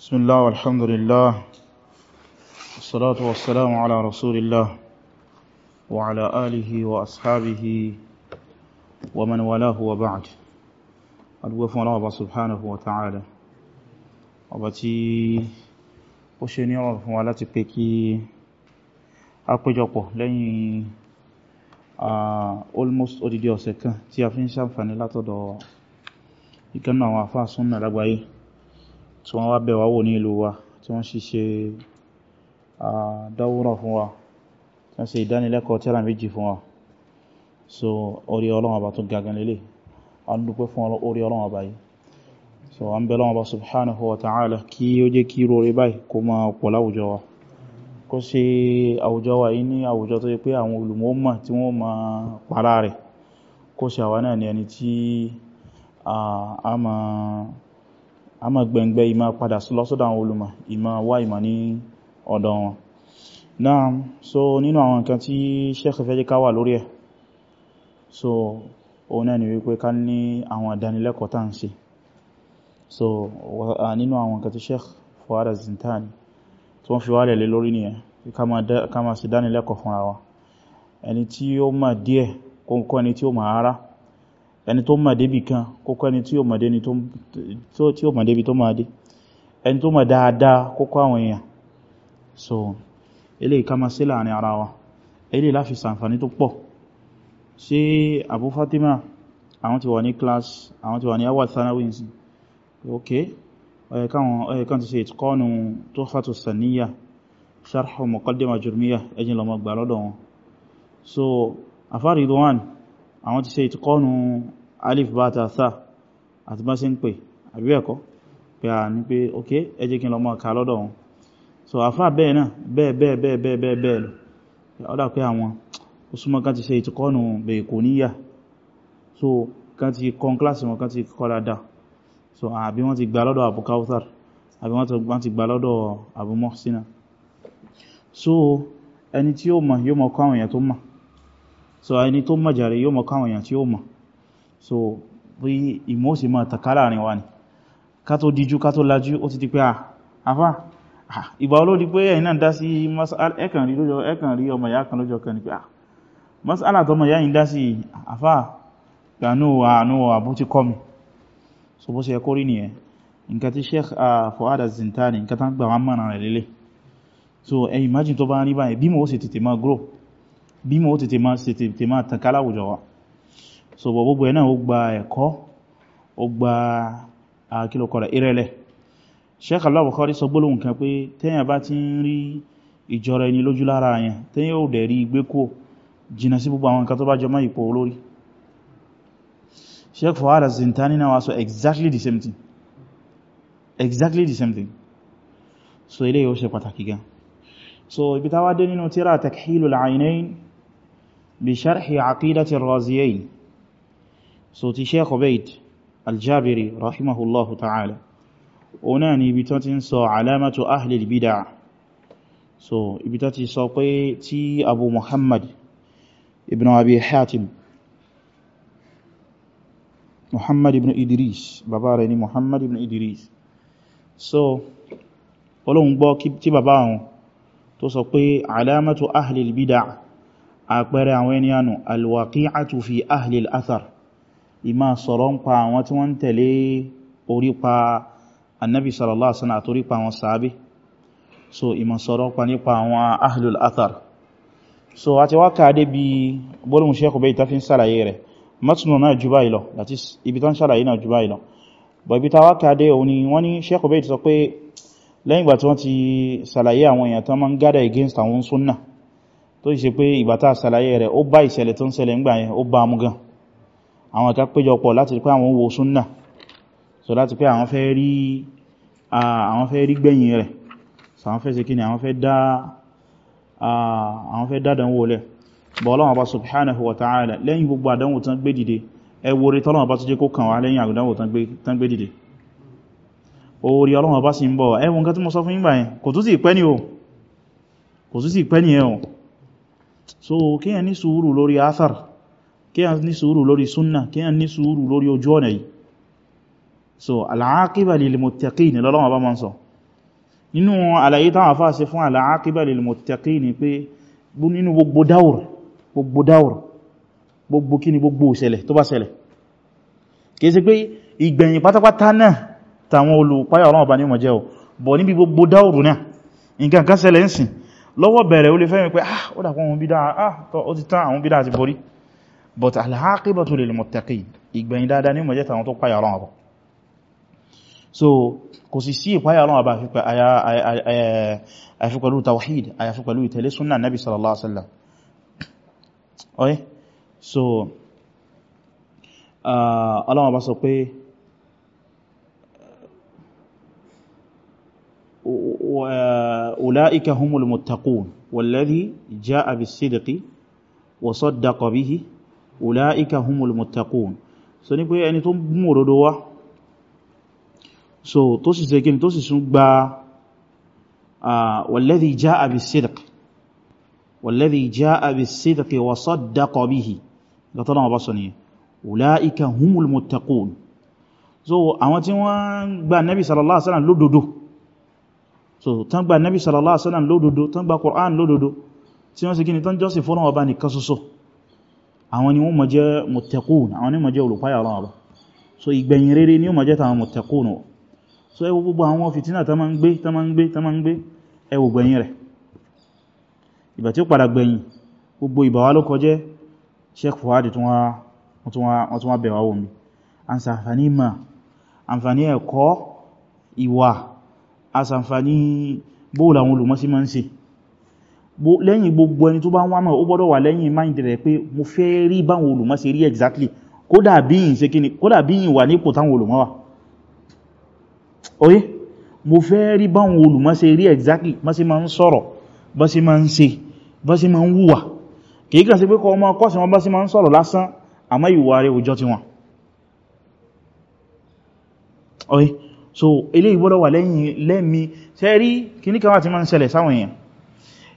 بسم الله والحمد لله والصلاة والسلام على رسول الله وعلى آله وأصحابه ومن ولاه وبعد أدوف الله سبحانه وتعالى وبتي وشيني الله وعلاتي بكي أقجوكو لين almost odidi ọ̀sẹ̀ kan tí a fi ń ṣàǹfàní látọ̀dọ̀ ìkẹ́nà àwọn àfáà súnnà lágbàáyé tí wọ́n wá bẹ̀ wá wò ní ìlú wa tí wọ́n ṣíṣe dáwúrà fún wa tí wọ́n ṣe ìdánilẹ́kọ̀ọ́ tírà méjì fún wa so orí Ọlọ́run Ọba tó gagan lélẹ̀ a fún orí Ọlọ́run so a ń bẹ Ọlọ́run Ọba subhanahu wa ta'ala kí ó jẹ́ báyìí wa kó ṣe àwùjọ wa yìí ní àwùjọ tó yẹ pé àwọn olùmọ́mà tí a máa a ma gbẹ̀ngbẹ̀ ìmá padà lọ́sọ́dọ̀ àwọn olùmọ̀ ìmá wá ìmá ní ọ̀dọ̀ wọn náà so nínú àwọn nǹkan tí Sheikh fẹ́ jẹ́ ká wà lórí ẹ̀ so òun náà ni wípé ká ní àwọn ìdánilẹ́kọ̀ọ́ tá ń ṣe so nínú àwọn nǹkan tí Sheikh Fuad Zintani tí wọ́n fi wálẹ̀ lé lórí nìyẹn ká máa ṣe dánilẹ́kọ̀ọ́ fúnra wa ẹni tí ó ma díẹ̀ kó ń kọ́ ẹni tí ó mà ara ẹni tó mọ̀ débì kan kókó ẹni tí ó mọ̀ débi tó máa dé ẹni tó mọ̀ dáadáa kókó àwọn èèyàn so ilé ìkama sí láàrin ara wa ilé láfi sàǹfàní tó pọ̀ sí Abu Fatima àwọn tí wà ní class àwọn tí wà ní awal thanawins ok ọ̀yẹ̀kan ti ṣe ìtkọ́nù Tuhfatu Sanniya sharhu muqaddima jurmiya ẹjìn lọ mọ̀ gbà lọ́dọ̀ wọn so afáridwan àwọn ti ṣe ìtkọ́nù alif bata tha àti bá ṣe ń pè àbí ẹ̀kọ́ pé a ní pé ok ẹ kí n lọ mọ́ ká lọ́dọ̀ wọn so àfá bẹ́ẹ̀ náà bẹ́ẹ̀ bẹ́ẹ̀ bẹ́ẹ̀ bẹ́ẹ̀ bẹ́ẹ̀ bẹ́ẹ̀ lọ ọ́dá pé àwọn ó súnmọ́ kan ti ṣe ìtùkọ́nù bẹ̀ẹ̀ kò níyà so kan ti kọ́n kíláàsì wọn kan so àbí wọ́n ti gbà lọ́dọ̀ Abu Abu Muhsina so ẹni tí ó mọ̀ so ẹni tó mọ̀ jàre yóò so bí ìmọ̀ sí máa tàkà láàrin wa ni ká tó díjú ká tó lajú ó ti di pé ah, àfá ah, ìgbà olódi pé ẹ̀yin náà dá sí ẹ̀kàn rí lójọ ẹ̀kàn rí ọmọ ìyá kan lójọ kan ni pé ah, masala tọmọ ìyá yìí dá sí àfá gbanú àánú àbú ti kọ́ mi so bó ṣe ẹkọ́ rí nìyẹn imagine tó bá rí báyìí bí grow bí mo ó tètè máa tàkà so bọ̀ gbogbo ẹ̀ náà ó gba ẹ̀kọ́ ó gba àkílọ̀kọ̀rẹ̀ ìrẹ̀lẹ̀ Sheikh al-Bukhari sọ gbólóhùn kan pé tẹ́yàn bá ti ń rí ìjọra ẹni lójú lára yẹn tẹ́yàn ò dẹ̀ rí igbé kó jìnà sí gbogbo àwọn nǹkan tó bá jọ exactly the same thing exactly the same thing so ilé yóò ṣe pàtàkì gan so ibi táwádé nínú tíra Takhilul bi sharhi aqidati ar-Raziyayn so ti sheikh obaid aljabiri rahimahullahu ta'ala o náà ni ibi tán ti ń sọ alamatu ahlil bida so ibi tán ti sọ pé tí abu muhammad ibn abi hatim muhammad ibn idris bàbá rẹ̀ ni muhammad ibn idris so olóhun gbọ́ tí bàbá wọn tó sọ pé alamatu ahlil bida àpẹẹrẹ àwọn ẹniyanu alwaqi'atu fi ahlil athar ìmá sọ̀rọ̀ ń pa àwọn tí wọ́n ń tẹ̀lé orípa annabi sallallahu alaihi wasallam àtorípa àwọn sàábé so ìmá sọ̀rọ̀ pa nípa àwọn ahlul athar so a ti wá káàdé bí bọ́lùmù Sheikh Ubayy ta fi ń sàlàyé rẹ̀ matinu náà jù báyìí lọ that is ibi tán sàlàyé náà jù báyìí lọ bọ̀ ibi ta wá káàdé òun ni wọ́n àwọn ká péjọpọ̀ láti pé àwọn wo súnnà so láti pé àwọn fẹ́ rí àwọn fẹ́ rí gbẹ̀yìn rẹ̀ so àwọn fẹ́ ṣe kíni àwọn fẹ́ dá àwọn fẹ́ dádánwò lẹ̀ bọ̀ Ọlọ́run Ọba subhanahu wa ta'ala lẹ́yìn gbogbo àdánwò tán gbé dìde ẹwọ orí tọ́lọ́wọ́ bá tó jẹ́ kó so kíyàn ní sùúrù lórí kí a ní sùúrù lórí súnnà kí a so al-aqiba lil-muttaqin lọ́lọ́wọ́ bá máa ń sọ nínú àlàyé táwọn afá ṣe fún al-aqiba lil-muttaqin pé nínú gbogbo dáwùr gbogbo dáwùr gbogbo kíni gbogbo ìṣẹ̀lẹ̀ tó bá ṣẹlẹ̀ kìí sí pé ìgbẹ̀yìn pátápátá náà tàwọn olùpáyà ọ̀rọ̀ ọba ní ọmọ jẹ́ ò bọ̀ níbi gbogbo dáwùrù náà nǹkan kan ṣẹlẹ̀ ń sìn lọ́wọ́ bẹ̀rẹ̀ ó fẹ́ mi pé ah ó dàpọ̀ àwọn bídá ah ó ti tán àwọn bídá àti borí but al-aqibatu lil-muttaqin ìgbẹ̀yìn dáadáa ní mọ̀jẹ́ta àwọn tó páyà Ọlọ́run Ọba so kò sì sí ìpáyà Ọlọ́run Ọba àyàfi pẹ̀lú tawhid àyàfi pẹ̀lú ìtẹ̀lé súnnà nabi sallallahu alaihi wasallam oye so uh, Ọlọ́run Ọba sọ pé ulaika humul muttaqun wallazi ja'a bis-sidqi wa saddaqa ulaika humul muttaqun so ní pé ẹni tó mú òdodo wá so tó sì sekin tó sì sún gba walladhi jaa bis-sidq walladhi jaa bis-sidq wa saddaqa bihi gátọ́nà ọba sọ nìyẹn ulaika humul muttaqun so àwọn tí wọ́n gba nabi sallallahu alaihi wasallam lódodo so tán gba nabi sallallahu alaihi wasallam lódodo tán gba Qur'an lódodo tí wọ́n sì kí ni tán jọ́sìn fọ́nà ọba nìkan ṣoṣo àwọn ni wọ́n mọ̀ jẹ́ muttaqun àwọn ni mọ̀ jẹ́ olùpáyà Allah so ìgbẹ̀yìn rere ni ó mọ̀ jẹ́ tàwọn muttaqun so ẹwọ gbogbo àwọn fìtínà tá ma ń gbé tá ma ń gbé tá ma ń gbé ẹwọ gbẹ̀yìn rẹ̀ ìgbà tí ó padà gbẹ̀yìn gbogbo ìbàwá ló kọjẹ́ Sheikh Fuad tún wá bẹ̀wà omi àǹsàǹfàní ma lẹ́yìn gbogbo ẹni tó bá wá mọ̀ ó gbọ́dọ̀ wà lẹ́yìn mind rẹ̀ pé mo fẹ́ rí báwọn olùmọ̀ ṣe rí exactly kódà bí yìn ṣe kíni kódà bí yìn wà nípò táwọn olùmọ̀ wà oye mo fẹ́ rí báwọn olùmọ̀ ṣe rí exactly bá ṣe máa ń sọ̀rọ̀ bá ṣe máa ń ṣe bá ṣe máa ń wùwà kìí kàn sí pé kọ ọmọ kọ́sì wọn bá ṣe máa ń sọ̀rọ̀ lásán àmọ́ ìwà rẹ̀ òjọ́ ti wọn oye so eléyìí gbọ́dọ̀ wà lẹ́yìn lẹ́mi ṣe rí kíníkà wà ti máa ń ṣẹlẹ̀ sáwọn èèyàn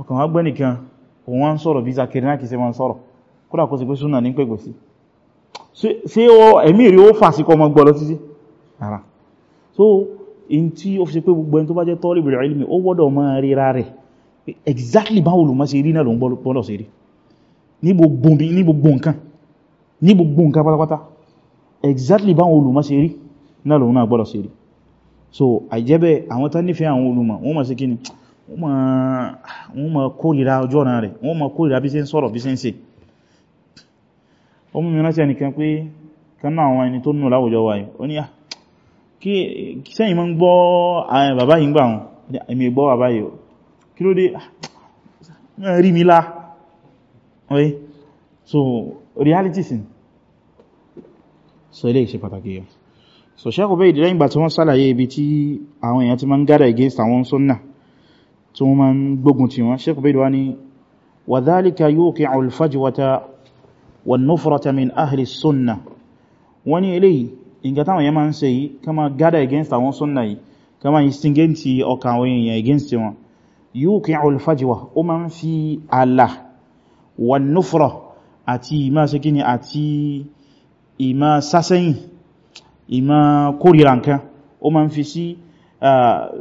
ọkàn wá gbẹ́ nìkan òun wá ń sọ̀rọ̀ bí Zakirina kìí ṣe wọ́n sọ̀rọ̀ kódà kó sì pé súnà ní pẹ̀gbẹ̀ sí ṣe ẹ̀mí rí ó fà sí gbọ́lọ títí ara so in tí ó fi ṣe pé gbogbo ẹni tó bá jẹ́ talibul ilmi ó wọ́dọ̀ exactly báwo ló máa ṣe rí náà ló ń gbọ́lọ̀ sí rí ní gbogbo nǹkan ní exactly báwọn olùmọ̀ ṣe rí so àìjẹ́bẹ̀ àwọn tán nífẹ̀ẹ́ àwọn olùmọ̀ wọ́n wọ́n ma kórìíra ọjọ́ ọ̀nà rẹ̀ wọ́n ma kórìíra bí ṣe ń sọ̀rọ̀ bí ṣe ń ṣe ó mú mi rántí ẹnìkan pé kanáà àwọn ẹni tó nù láwùjọ wáyé ó ní à kí sẹ́yìn mọ́ ń gbọ́ bàbá yìí gbà wọn èmi gbọ́ bàbá yìí kí ló dé rí mi lá so reality sin so ilé ìṣe pàtàkì so ṣẹ́kù bẹ́ ìdílẹ́yìn gbà tí wọ́n sálàyé ibi tí àwọn against àwọn sunnah tí wọ́n máa ń gbógun ti wọn Sheikh Ubaydu wá ní wa dhalika yuqi'u al-fajwata wan-nufrata min ahli sunnah wọ́n ní eléyìí nǹkan táwọn yẹn máa ń ṣe yìí ká máa gádà against àwọn sunnah yìí ká máa instigate àwọn èèyàn against wọn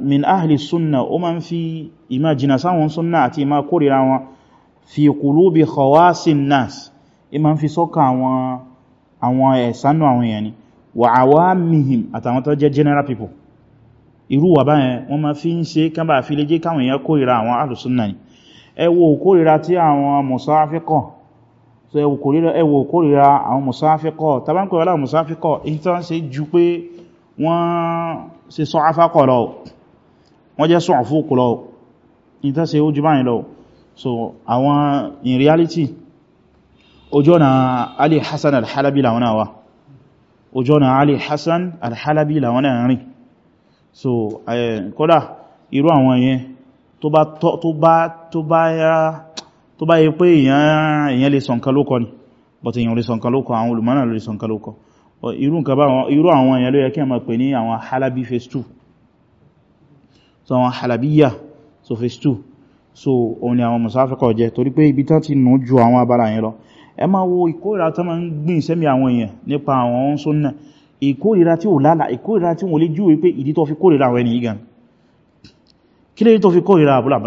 min ahli sunna o ma n fi ima jina sáwọn sunna àti ima kórìra wọn fi qulubi khawasin nas ima n fi sọ́ka àwọn ẹ̀sánú àwọn èèyàn ni wa awamihim àtàwọn tó jẹ́ general people irú wà báyẹn wọ́n ma fi ń ṣe kán bá fi lè jẹ́ káwọn èèyàn kórìra àwọn ahli sunna ni ẹ wo kórìra tí àwọn musafiqo so ẹ wo kórìra àwọn musafiqo tàbí kórìra àwọn musafiqo ìtàn ṣe ju pé wọ́n ṣe sọ afákọ̀ lọ wọ́n jẹ́ sọ àfúkù lọ ìtẹ́sẹ̀ ojú báyìí lọ so àwọn in reality ojú ọ̀nà Ali Hassan al-Halabi làwọn náà wà ojú ọ̀nà Ali Hassan al làwọn náà so kódà irú àwọn yẹn tó bá tó bá tó bá tó bá yẹ pé èèyàn lè sọ nǹkan lókọ ni but èèyàn lè sọ nǹkan lókọ àwọn olùmọ́nà lè sọ nǹkan lókọ irú nǹkan báwọn irú àwọn èèyàn ló yẹ kí a máa pè ní àwọn halabi phase 2 so àwọn halabiya so phase 2 so òun ni àwọn musafikọ̀ jẹ́ torí pé ibi tán ti nù ju àwọn abala yẹn lọ ẹ máa wo ìkórìíra tó máa ń gbìn sẹ́mi àwọn èèyàn nípa àwọn sunnah ìkórìíra tí ò lálà ìkórìíra tí wọ́n lè júwe pé ìdí tó fi kórìíra àwọn ẹni gan kí lè tó fi kórìíra Abul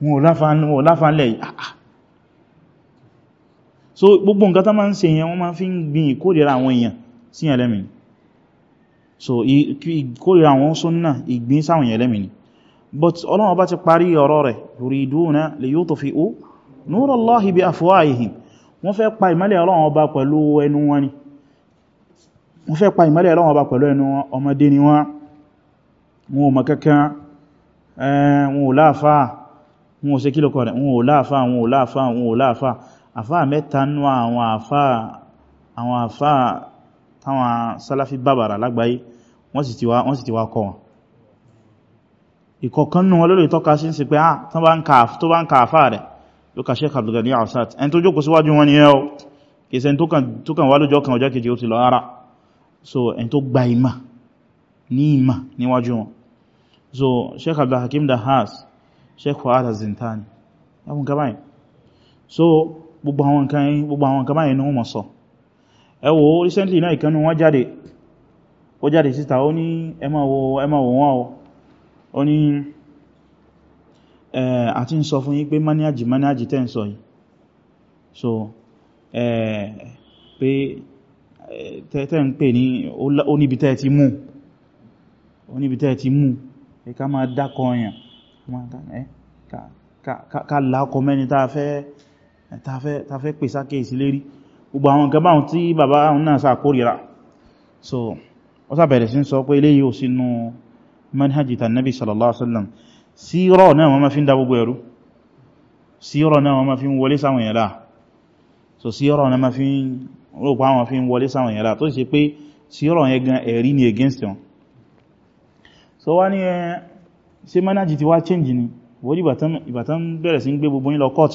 wọn ò láfánlẹ̀ yìí ah, ah so gbogbo nǹkan tán máa ń ṣe yẹn wọ́n máa fi ń gbin ìkórìíra àwọn èèyàn sí yẹn so ìkórìíra àwọn súnnà ìgbín sáwọn yẹn lẹ́mìí but Ọlọ́run bá ti parí ọ̀rọ̀ rẹ̀ yuriduna liyutfi'u nurallahi bi afwahihim wọ́n fẹ́ pa ìmọ́lẹ̀ Ọlọ́run ọba pẹ̀lú ẹnu wọn ni wọ́n fẹ́ pa ìmọ́lẹ̀ Ọlọ́run ọba pẹ̀lú ẹnu wọn ọmọdé ni wọ́n wọn ò mọ̀ kankan eh, wọn ò láàfáà wọn ò ṣe kílọ̀kọ̀ rẹ̀ wọn ò láàfáà wọn ò láàfáà wọn ò láàfáà àfáà mẹ́ta nú àwọn àfáà àwọn àfáà táwọn sálàfí bàbàrà lágbàáyé wọ́n sì ti wá wọ́n sì ti wá kọ́ wọn ìkọ̀kan nú wọn lórí tọ́ka sí sí pé ah tó bá ń ka àfáà rẹ̀ ló ka Sheikh Abdul Ghani Ausat ni ẹ́ o kìsẹ̀ tó kàn wá lójọ́ kan ọjọ́ ara so ẹni tó gba ìmà ní so Sheikh Hakim Dahas Sheikh Fuad Az-Zintani ẹkùn so gbogbo àwọn nǹkan yìí gbogbo àwọn nǹkan báyìí ní wọ́n mọ̀ sọ ẹ wò recently náà ìkanú wọ́n jáde ó jáde síta ó ní ẹ má wò ẹ má wò wọ́n o ó ní àti ń sọ fún yín pé maníàjì maníàjì tẹ́ ń sọ yìí so pé tẹ́ ń pè ní ó níbi tẹ́ ti mú ó níbi tẹ́ ti mú ẹ ká máa dákọ ọyàn ká lákọ mẹ́ni tá a fẹ́ ta fẹ́ pè sáké ìsìlérí gbogbo àwọn nǹkan báhùn tí bàbá náà sàkórira so wọ́n sàbẹ̀rẹ̀ sí sọ pé eléyìí ò sínú manhajita nabi sallallahu alaihi wasallam sírọ̀ náà wọ́n ma fi ń da gbogbo ẹ̀rú sírọ̀ náà wọ́n ma fi ń wọlé sáwọn yẹ̀lá so sírọ̀ náà ma fi ń rọ̀pá wọn fi ń wọlé sáwọn yẹ̀lá tó sì pé sírọ̀ yẹn gan ẹ̀rí ni against wọn so wá ní ẹ ṣe manhajiti wá change ni wọ́n ìbàtán bẹ̀rẹ̀ sí ń gbé gbogbo yín lọ court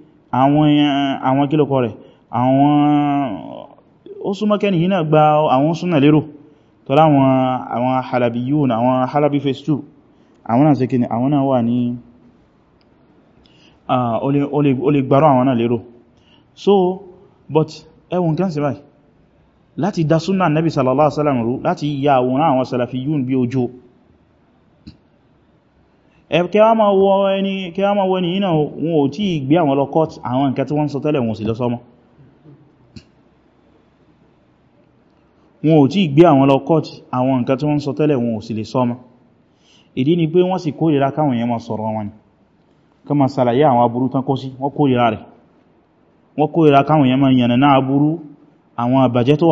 àwọn kílòkọ rẹ̀ àwọn ó súnmọ́ kẹ́ni yìí náà gba àwọn súnnà lérò tọ́lá àwọn halabiyun àwọn halabi phase 2 àwọn náà sẹ́kẹ́ni àwọn náà wà ní ó lè gbárò àwọn náà lérò so but ẹwùn kan sí báyìí láti dá súnnà nabi sallallahu alaihi wasallam rú láti yà àwòrán àwọn salafiyun bí ojú kí a máa wọ ẹni iná wọn ò tí gbé àwọn lọ court àwọn nǹkan tí wọ́n sọ tẹ́lẹ̀ wọn sì lọ sọ́mọ́ wọn ò tí gbé àwọn lọ court àwọn nǹkan tí wọ́n sọ tẹ́lẹ̀ wọn sì lè sọ́mọ́ ìdí ni pé wọ́n sì kórìíra káwọn èèyàn máa sọ̀rọ̀ wọn ni ká máa sàlàyé àwọn aburú tán kó sí wọ́n kórìíra rẹ̀ wọ́n kórìíra káwọn èèyàn máa yànnà náà aburú àwọn àbàjẹ́ tó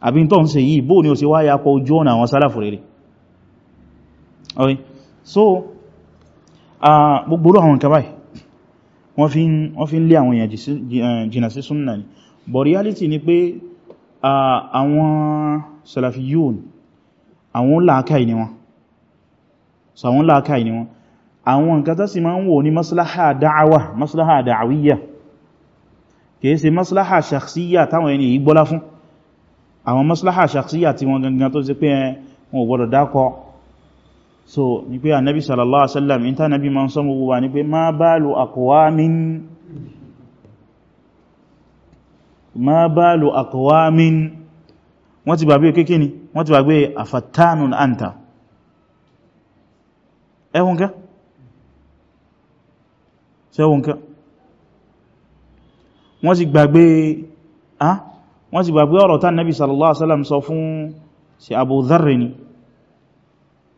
àbí tó ń ṣe yìí bóò ni ó ṣe wá yakọ ojú ọ̀nà àwọn sálàfù rere so gbogbo àwọn nǹkan báyìí wọ́n fi ń lé àwọn èèyàn eh, jìnà sí súnnà ni but reality ni pé àwọn salafiyun àwọn làákàí ni wọ́n so àwọn làákàí ni wọ́n àwọn nǹkan tó sì máa ń wò ní maslaha da'awa maslaha da'awiyya kìí ṣe maslaha shakhsiyya táwọn ẹni yìí gbọ́lá fún àwọn maslaha shakhsiyya tí wọ́n gangan tó ṣe pé eh, wọn ò gbọ́dọ̀ so ní pé annabi sallallahu alaihi wasallam in ta nabi ma ń sọ mọ̀ wà ní pé ma balu aqwamin ma balu aqwamin wọ́n ti bàgbé kéèké ni wọ́n ti bàgbé afattanun anta ẹwùn ká ṣẹwùn wọ́n ti gbàgbé ah wọ́n sì gbàgbé ọ̀rọ̀ tán nabi sallallahu alaihi wasallam sọ fún sí Abu Dharr ni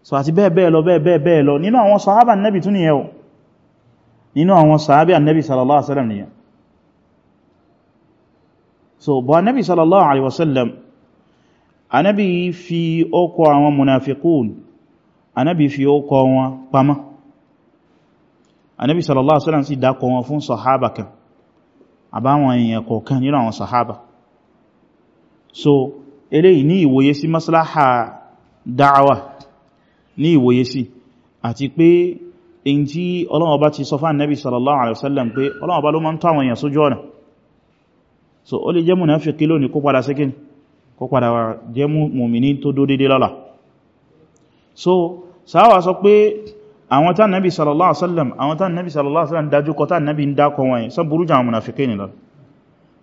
so àti bẹ́ẹ̀ bẹ́ẹ̀ lọ bẹ́ẹ̀ bẹ́ẹ̀ bẹ́ẹ̀ lọ nínú àwọn sahaba nabi tún nìyẹn o nínú àwọn sahabi annabi sallallahu àbáwọn èèyàn kọ̀ọ̀kan nínú àwọn sahaba so eléyìí ní ìwòye sí maslaha da'awa ní ìwòye sí àti pé in tí Ọlọ́run Ọba ti sọ fún Ànábì sallallahu alaihi wasallam pé Ọlọ́run ló máa ń tọ́ àwọn èèyàn sójú ọ̀nà so ó lè jẹ́ mùnáfíkí lónìí kó padà síkín kó padà jẹ́ mùmìní tó dó dédé lọ́la so sáwà sọ pé àwọn tán Ànábì sallallahu alaihi wasallam àwọn tán Ànábì sallallahu alaihi wasallam dájú kọ tán Ànábì ń dákọ wọn yìí sọ burú àwọn mùnáfíkí nìlọ́la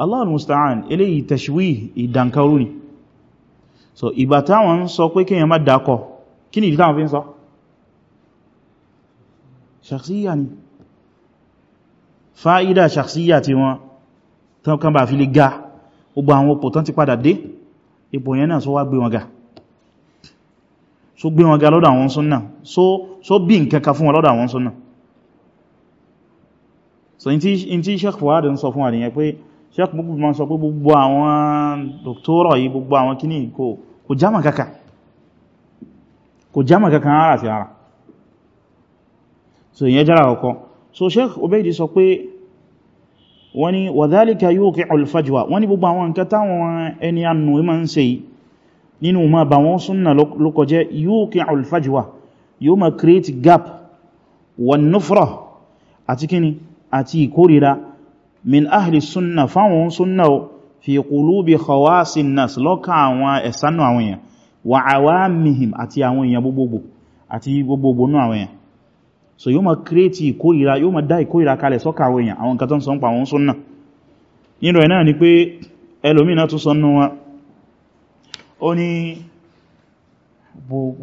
Allahu musta'an eléyìí tashwih ìdànkarú ni so ìgbà táwọn ń sọ pé kíyàn má dákọ̀ kí ni ìdí táwọn fi ń sọ ṣàksíyà ni fa'ida ṣàksíyà tí wọ́n tán kan bá fi lè ga gbogbo àwọn òpò tán ti padà dé ipò yẹn náà so wá gbé wọn ga so gbé wọn ga lọ́dọ̀ àwọn súnnà so in ti Sheikh sheik bubu ma sọ pé gbogbo àwọn dòktórọ̀ yìí gbogbo àwọn kíní kò jámà kaka kò jámà kaka ara sí ara so ìyẹn jára ọkọ́ so sheik obedi sọ pé wọ́n ni wàdálíkà yóò kí olfajwa wọ́n ni gbogbo àwọn nǹkan táwọn ẹni annù ma ń ṣe nínú ma bà wọ́n súnnà lókọjẹ́ yóò kí olfajwa yóò ma create gap wọn nufra àti kíni àti ìkórira min ahli sunna fáwọn sunna fi qulubi khawasin nas lọ́kà àwọn ẹ̀sánà àwọn èèyàn wà awamihim àti àwọn èèyàn gbogbogbò àti gbogbogbò nú àwọn èèyàn so yóò ma kírètì ìkórìíra yóò ma dá ìkórìíra kalẹ̀ sọ́kà àwọn èèyàn àwọn nǹkan tó ń sọ ń pa àwọn sunna nínú ẹ̀ náà ni pé ẹlòmínà tó sọ nú wọn ó ní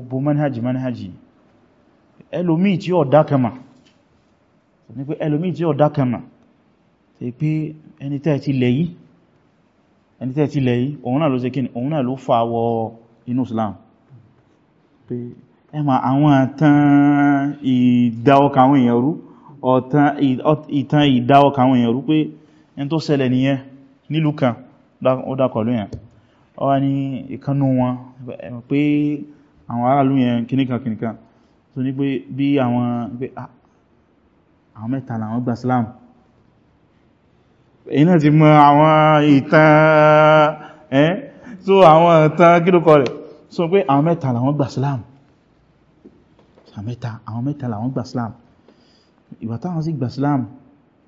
bu manhaji manhaji ẹlòmí tí ó dákẹ̀mà ṣe pé ẹni tẹ́ ti lẹ̀ yìí ẹni tẹ́ ti lẹ̀ yìí òun náà ló ṣe kíni òun náà ló fà wọ inú Islam pé ẹmà àwọn àtàn ìdáọkà àwọn èèyàn rú ìtàn ìdáọkà àwọn èèyàn rú pé ẹni tó ṣẹlẹ̀ nìyẹn nílùú kan ó dákọ̀lú yẹn ó wá ní ìkanú wọn pé àwọn aráàlú yẹn kìníkan kìníkan tó ní pé bí àwọn ah, mẹ́ta làwọn gbà Islam iná ti mọ àwọn ìtàn ẹ́n so àwọn ìtàn kílùkọ rẹ̀ so pé àwọn mẹ́ta làwọn gbà Islam àwọn mẹ́ta làwọn gbà Islam ìgbà táwọn sì gbà Islam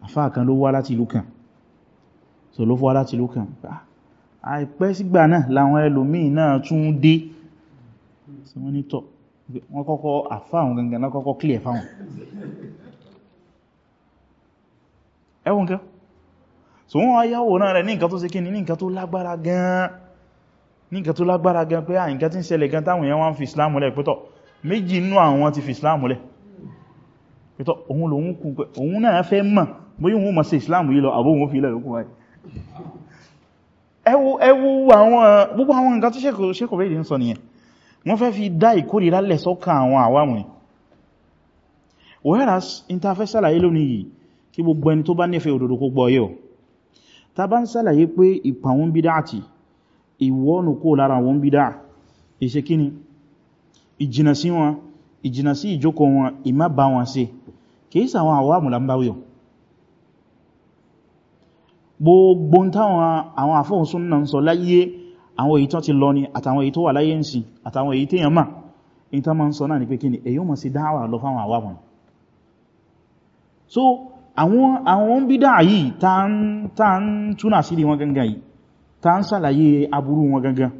àfáà kan ló wá láti ìlú kan so ló wá láti ìlú kan àìpẹ́ sígbà náà làwọn ẹlòmíì náà tún dé so wọ́n ní tọ́ wọ́n kọ́kọ́ àfáàwọn gangan náà kọ́kọ́ clear fáwọn ẹwọ́n kẹ́ so wọ́n ayáwòrán rẹ̀ ní nǹkan tó ṣe kí ní nǹkan tó lágbára gan ní nǹkan tó lágbára gan pé àyíká tí ń ṣẹlẹ̀ gan táwọn èèyàn wọ́n fi islam lẹ̀ pẹ́tọ̀ méjì inú àwọn ti fi islam lẹ̀ pẹ́tọ̀ òun lòun kú pé òun náà fẹ́ mọ̀ bóyí òun mọ̀ sí islam yìí lọ àbó òun fi lẹ̀ lókù wáyé ẹwu ẹwu àwọn gbogbo àwọn nǹkan tí ṣẹ́kọ̀ bẹ́ẹ̀ ń sọ nìyẹn wọ́n fẹ́ fi dá ìkórìíra lẹ̀ sọ́kàn àwọn àwámù ni whereas interface àlàyé lónìí yìí kí gbogbo ẹni tó bá nífẹ̀ẹ́ òdodo kó gbọ́ yóò ta bá ń sàlàyé pé ìpàwọn bídá àti ìwọ́nù kó lára wọn bídá ìṣe kíni ìjìnà sí wọn ìjìnà sí ìjókò wọn ìmá bá wọn ṣe kìí sàwọn àwọn àmúlàmbáwíọ̀ gbogbo táwọn àwọn àfóhùnsún náà ń sọ láyé àwọn èyí tó ti lọ ni àtàwọn èyí tó wà láyé ń àtàwọn èyí téèyàn mà ní tá máa ń sọ náà ni pé kíni èyí mọ̀ sí dáwà lọ fáwọn àwàmọ̀ so àwọn àwọn bídá yìí ta ń túnà sí wọn gangan yìí ta ń sàlàyé aburú wọn gangan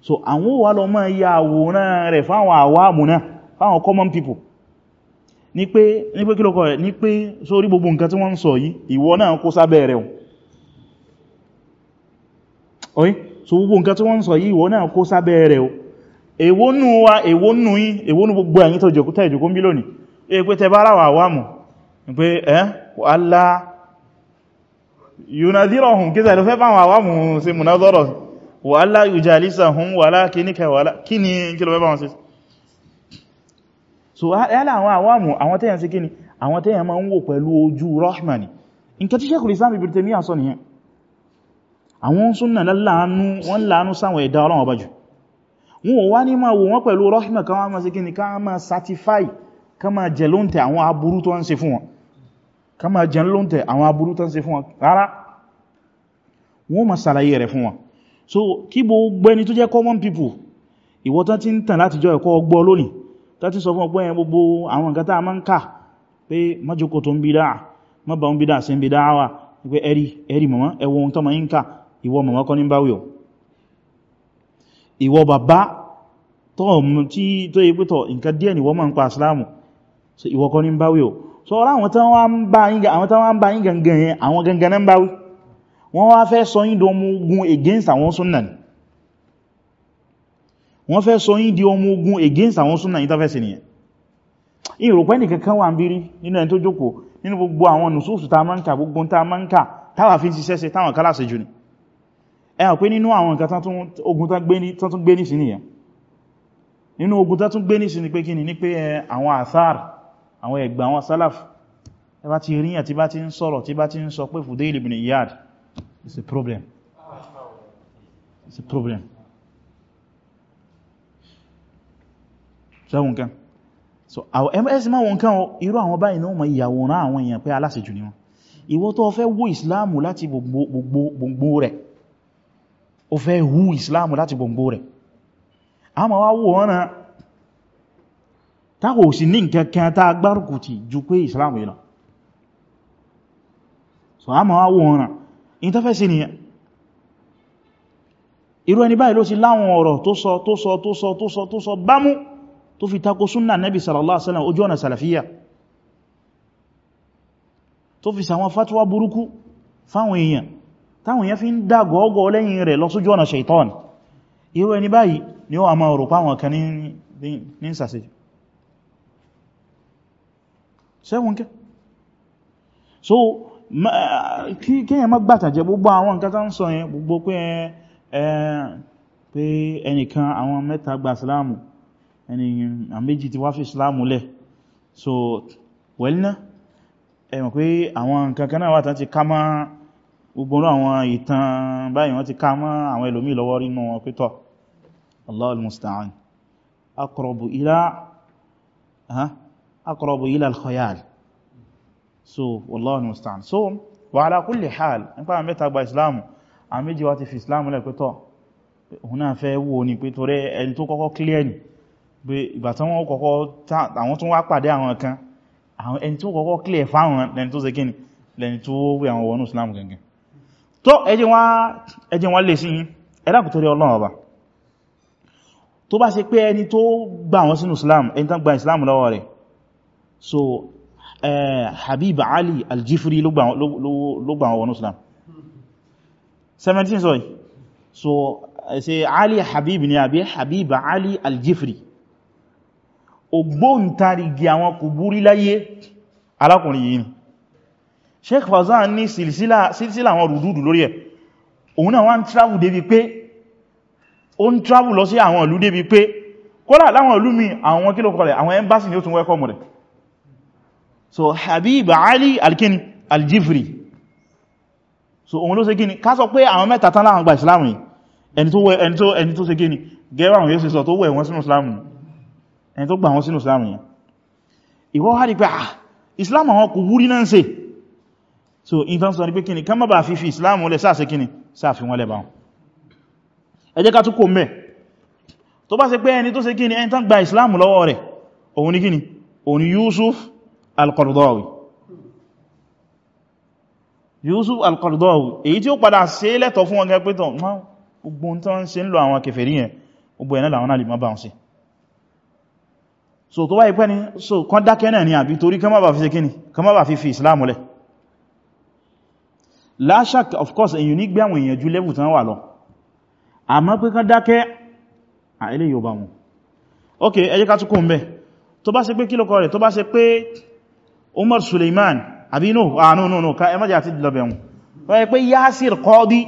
so àwọn wà lọ mọ́ ya àwòrán rẹ̀ fáwọn àwàmù náà fáwọn common people ní pé ní pé kílọ́kọ̀ rẹ̀ ní pé sórí gbogbo nǹkan tí wọ́n ń sọ yìí ìwọ náà kó sábẹ́ rẹ̀ o yìí gbogbo bí lónìí wa alla yunadhirahum kí sàlẹ̀ fẹ́ bá wọn àwámù sí munadhara wa alla yujalisahum wà lákíníkà kí ni kí lọ fẹ́ bá wọn sí so yálà àwọn àwámù sí kíni àwọn tẹ́yàn ma ń wọ́n wá ní máa wò wọ́n pẹ̀lú rahma kan wá máa sí kíni ká máa satisfy ká máa jẹ̀lóǹtẹ̀ àwọn aburú tó ń ṣe fún wọn Kama máa jẹun ló ń tẹ àwọn aburú tán ṣe fún wọn rárá wọ́n ma ṣàlàyé rẹ̀ fún wọn so kí bó gbẹ́ni tó jẹ́ common people ìwọ tán ti ń tàn láti jọ ẹ̀kọ́ ọgbọ́ lónìí tán ti sọ fún ọgbọ́ yẹn gbogbo àwọn nǹkan tá a máa ń kà pé májòkó tó ń bí dáa má bá ń bí dáa sí ń bí dáa wà pé ẹ̀rí ẹ̀rí màmá ẹwọ ohun tó máa ń kà ìwọ màmá kọ́ ní báwíọ̀ ìwọ bàbá tó yẹ pé tọ̀ nǹkan díẹ̀ ni wọ́n máa ń pa ìsìláàmù so ìwọ kọ́ ní báwíọ̀ so ọ̀rá àwọn tán wá ń bá yín gangan yẹn àwọn gangan náà ń báwí wọ́n wá fẹ́ sọ yín di ọmọ ogun against àwọn súnnà ni wọ́n fẹ́ sọ yín di ọmọ ogun against àwọn súnnà yí tafẹ́ sí ni ìròpẹ́ nìkan kan wà ń bírí nínú ẹni tó jókòó nínú gbogbo àwọn nùsùsù ta máa ń kà gbogbo ta máa ń kà táwà fi ń ṣiṣẹ́ ṣe táwọn kálàṣẹ jù ní ẹ̀yà pé nínú àwọn nǹkan ogun tán tún gbé ní sí nìyẹn nínú ogun tán tún gbé ní sí ni pé kí ni pé àwọn àtháàrì àwọn ẹgbà àwọn salaf ẹbá ti ríyàn tí bá ti ń sọ̀rọ̀ tí bá ti ń sọ pé Fudail ibn Iyad it's a problem it's a problem ṣẹ́wọ̀n kan so ẹ̀sì máa wọn kan irú àwọn báyìí náà mọ̀ ìyàwòrán àwọn èèyàn pé aláṣejù ni wọn ìwọ tó fẹ́ wó ìsìláàmù láti gbogbo rẹ̀ o fẹ́ hú ìsìláàmù láti gbogbo rẹ̀ a ma wá wò ọ́nà táwò sí ní nǹkankan tá gbárùkù tì ju pé islam ìlọ so a ma wá wò ọ̀ràn in tó fẹ́ sí nìyàn irú ẹni báyìí ló sì láwọn ọ̀rọ̀ tó sọ tó sọ tó sọ tó sọ tó sọ bámú tó fi tako súnnà nẹ́bì sallallahu alaihi wasallam ojú ọ̀nà salafiyya tó fi sàwọn fatuwa burúkú fáwọn èèyàn táwọn èèyàn fi ń dá gọ́ọ̀gọ́ lẹ́yìn rẹ̀ lọ sójú ọ̀nà shaitan irú ẹni báyìí ni ó àmà sẹ́wọ̀n kẹ́ so kíyàn má gbàtàjẹ gbogbo àwọn nǹkan tán sọ yẹn gbogbo pé pé ẹnìkan àwọn mẹ́ta gba islamu ẹniyàn àméjì ti wá islamu lẹ̀ so wẹ́lná ẹ̀mọ̀ pé àwọn nǹkan kan náà wà tán ti ká má gbogbo àwọn ìtàn báyìí wọ́n ti ká má àwọn ẹlòmí lọ́wọ́ rínú wọn pé tọ́ Allahul musta'an aqrabu aqrabu ila al-khayal so wallahu musta'an so wa ala kulli hal nípa àwọn mẹ́ta gba islam àwọn méjì wá ti fi islam lẹ́ pẹ́tọ̀ òun náà fẹ́ wo ni pé torí ẹni tó kọ́kọ́ clear ni pé ìgbà tí wọ́n kọ́kọ́ àwọn tó wá pàdé àwọn kan ẹni tó kọ́kọ́ clear fáwọn lẹni tó ṣe kíni lẹni tó wé àwọn wọnú islam gangan tó ẹjẹ́ wọ́n lè sí ẹ̀dàkù torí ọlọ́run ọba tó bá ṣe pé ẹni tó gbà wọn sínú islam ẹni tán gba islam lọ́wọ́ rẹ̀ so uh, Habib Ali Al-Jifri ló gbà wọnú Islam 17 sorry so ṣe Ali Habib ni àbí Habib Ali Al-Jifri ògbóǹtarìgì àwọn kùbúrí láyé alákùnrin yìí ni Sheikh Fawzan ní sílsílà àwọn rùdúdù lórí ẹ̀ òun náà wá ń travel débi pé ó ń travel lọ sí àwọn ìlú débi pé kọ́lá láwọn ìlú mi àwọn kílòkọ̀ọ́lẹ̀ àwọn embassy ni ó tún wẹ́kọ̀ọ́mù rẹ̀ so habib ali Alkin aljifri so òun ló ṣe kíni ká sọ pé àwọn mẹ́ta tán láwọn gba islam ni ẹni tó ẹni tó ẹni tó ṣe kíni gẹ́rọ àwọn yóò ṣe sọ tó wẹ̀ wọ́n sínú islam ni ẹni tó gbà wọ́n sínú islam ni ìwọ́ wá rí pé ah islam àwọn kò wúrí náà ń ṣe so ìtàn sọ ní pé kíni kánmọ́ bá fífi islam lẹ sáà ṣe kíni sáà fi wọ́n lẹ báwọn ẹ jẹ́ ká tún kò mẹ́ tó bá ṣe pé ẹni tó ṣe kíni ẹni tán gba islam lọ́wọ́ rẹ̀ òun ni kíni òun yusuf al-Qaradawi Yusuf al-Qaradawi èyí tí ó padà ṣe lẹ́tọ̀ fún ọgẹ́ pẹ́tọ̀ gbogbo tó ń ṣe ń lọ àwọn kèfèrí yẹn gbogbo ẹ̀nà làwọn alìmọ́ bá ń ṣe so tó wáyé pẹ́ ni so kan dákẹ́ náà ni àbí torí kán of course èyàn ní gbé àwọn èèyàn ju level tán wà lọ àmọ́ pé kán dákẹ́ àílé yóò bá tó bá ṣe pé kílọ̀kọ́ rẹ̀ tó bá ṣe pé umar suleiman àbí no ah no no no ka emaja ti lọ bẹ̀rún wọ́n yẹ pé yásir kọ́dí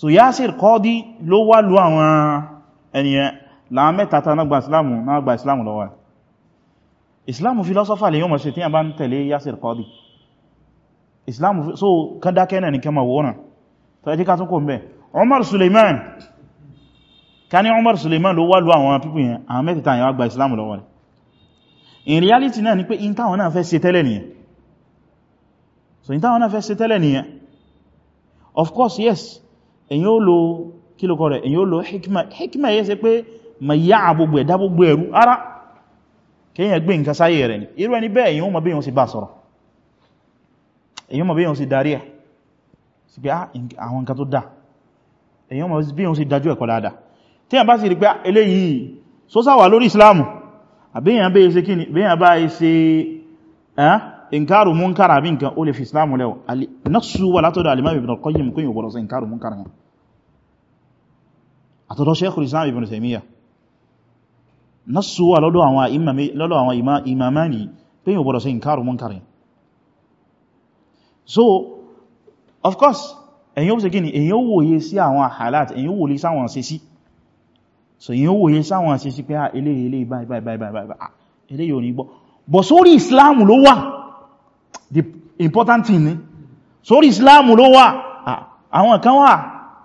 so yásir kọ́dí ló wà lú àwọn ènìyàn láàá mẹ́ta ta náà gba islamu náà gba islamu lọ́wọ́ islamu filosofa lè yíò mọ̀ sí tí a bá ń tẹ̀lé yásir kọ́dí islamu so kan dákẹ́ náà ni kẹ wọ́nà tó ẹjí ká tún kò mẹ́ umar suleiman ká ní umar suleiman ló wà lú àwọn pípù yẹn àwọn mẹ́ta islamu lọ́wọ́ in reality náà ni pé in táwọn náà fẹ́ tẹ́lẹ̀ so in táwọn of course yes èyí ó lo kílòkọ rẹ̀ èyí ó lo yẹ́ ma yá àgbogbo ẹ̀dá gbogbo ẹ̀rú ara kíyàn gbé nǹkan sáyé rẹ̀ ni irú ẹni bẹ́ẹ̀ èyí ó mọ bí wọ́n sì bá sọ̀rọ̀ èyí ó mọ bí wọ́n sì darí ẹ̀ sí pé ah, àwọn nǹkan tó dá èyí ó mọ bí wọ́n sì dájú ẹ̀kọ́ àbíyàn báyìí ṣe kíni bíyàn báyìí inkaru munkara bí nǹkan ó lè fi islamu lẹ́wọ̀ nasu wà látọ̀dọ̀ alimami ibn al-qayyim kún yíò gbọ́dọ̀ inkaru munkara yẹn àtọ̀dọ̀ sheikhul islam ibn taimiyya nasu wà lọ́dọ̀ àwọn imamani kún yíò gbọ́dọ̀ inkaru munkara yẹn so of course èyí ó ṣe kíni èyí ó wòye sí àwọn halat èyí ó wòye sáwọn sí sí so yíò wòye sáwọn àṣẹ sí pé à bye bye bye bye báyìí ilé yóò ní gbọ́ bo. sórí islamu ló wà the important thing ni Islam islamu ló wà àwọn kan wà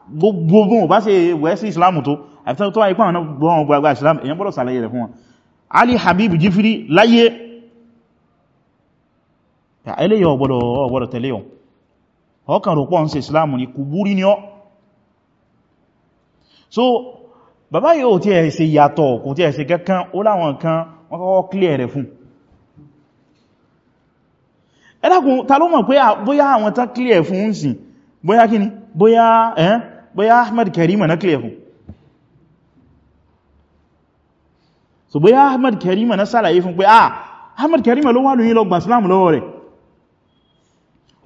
gbogbo bá ṣe wẹ́ sí islamu tó àfitẹ́ tó wáyé pàwọn gbọ́n gbogbo islamu èyàn gbọ́dọ̀ sàlàyé rẹ̀ fún wọn Ali Habib Jifiri láyé ilé yóò gbọ́dọ̀ tẹ̀lé ọ̀ ọkàn rò pọ̀ ń ṣe Islam ni kùbúrí ni ọ́ so bàbá yìí ò tí ẹ̀ ṣe yàtọ̀ kò tí ẹ̀ ṣe kẹ́kán ó láwọn kan wọ́n kọ́kọ́ clear rẹ̀ fún ẹ dákun ta ló mọ̀ pé bóyá àwọn tán clear fún ń sìn bóyá ni bóyá ẹ́ bóyá Ahmed Karim na clear fún so bóyá Ahmed Karim na sàlàyé fún pé ah Ahmed Karim ló wà lóyìn lọ gbà Islam lọ́wọ́ rẹ̀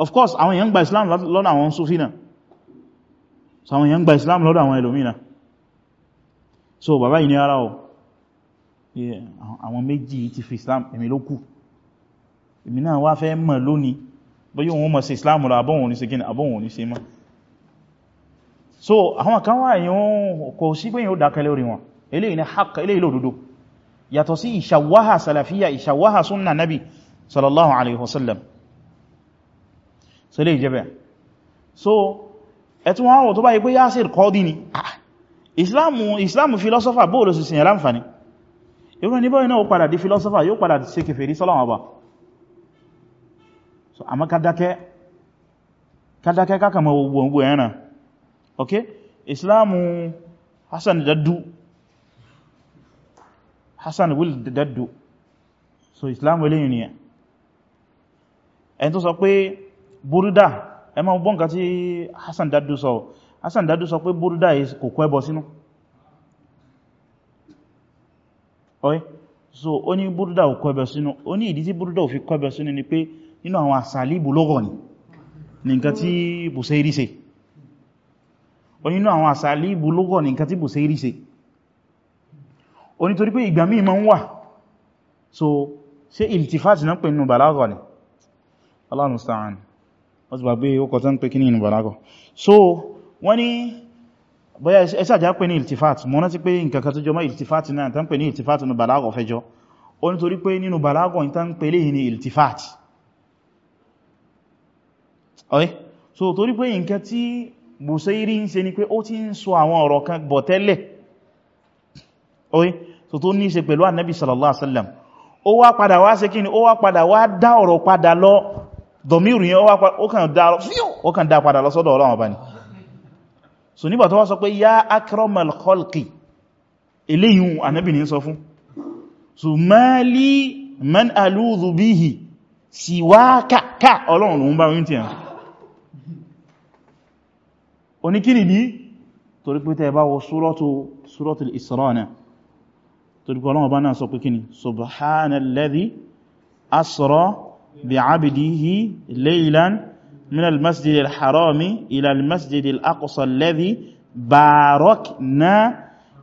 of course àwọn èèyàn gba Islam lọ́dọ̀ àwọn Sufi náà so àwọn èèyàn gba Islam lọ́dọ̀ àwọn ẹlòmí náà so bàbá yìí ní ara ọ̀ àwọn méjì ti fi islam èmi ló kù èmi náà wá fẹ́ mọ̀ lónìí bó yíò wọ́n mọ̀ sí islam rọ abọ́wọ̀n ní sekin abọ́wọ̀n ní se mọ́ so àwọn kan wà yíò kò sí pé yíò dákẹ́lẹ̀ orí wọn eléyìí ni haqq eléyìí lòdodo yàtọ̀ sí ìṣàwáhà salafiyya ìṣàwáhà sunna nabi sallallahu alaihi wasallam so eléyìí jẹ́bẹ̀ so ẹ̀tún wọn wọ́n tó bá yí pé islamu islamu filosofa bó lọ sísìn aláǹfàní irú ní báyìí náà ó padà di filosofa yóò padà ṣe kèfèrí sọ́lọ́wọ́ bá so àmọ́ kádákẹ́ kádákẹ́ kákàmọ́ gbogbo ẹ̀ràn ok islamu hassan daddu hassan will daddu so islamu eléyìn ni ẹni tó sọ pé burúdá ẹ ma gbọ́nkà tí hassan daddu sọ Hassan Dadu sọ pé búrúdá kò kọ́ ẹbọ sínú ọ́í so oni buruda búrúdá ò kọ́ oni sínú ó ní ìdí tí búrúdá ò fi kọ́ ẹbọ sínú ni pé nínú àwọn àsàlíbù lọ́gọ̀ ni ní nǹkan tí Busairi ṣe ó nínú àwọn àsàlíbù lọ́gọ̀ ni nǹkan tí Busairi ṣe ó ní torí pé ìgbà míì máa so ṣe iltifat náà pè nínú bàlágọ̀ ni Allahu musta'an wọ́n ti gbàgbé ó kọ̀ tán pé kí ní ìnú so wọ́n ní bóyá ẹsàjá pè ní iltifat mọ́ rántí pé nǹkankan tó jọmọ́ iltifat náà tán pè ní iltifat nínú balago fẹjọ́ ó ní torí pé nínú balago ní tán pè léyìn ní iltifat ọ̀yí so torí pé nǹkan tí Busairi ń ṣe ni pé ó ti ń sọ àwọn ọ̀rọ̀ kan bọ̀ tẹ́lẹ̀ ọ̀yí so tó ní ṣe pẹ̀lú annabi sallallahu alaihi wasallam ó wá padà wá ṣe kíni ó wá padà wá dá ọ̀rọ̀ padà lọ dọ̀míru yẹn ó kàn dá padà lọ sọ́dọ̀ Ọlọ́run ọba so nígbà tó wá sọ pé ya akramal khalqi eléyìn anábì ní sọ fún so mali man alúdhu bihi siwa káà ọlọ́run lòun bá wíntí ẹ̀ oníkìrì bí torí pé tẹ́ bá wọ súrọ́tù Isra náà torí pé ọlọ́run bá náà sọ pé kíni subhanalladhi asra bi'abdihi laylan من المسجد الحرام إلى المسجد الأقصى الذي باركنا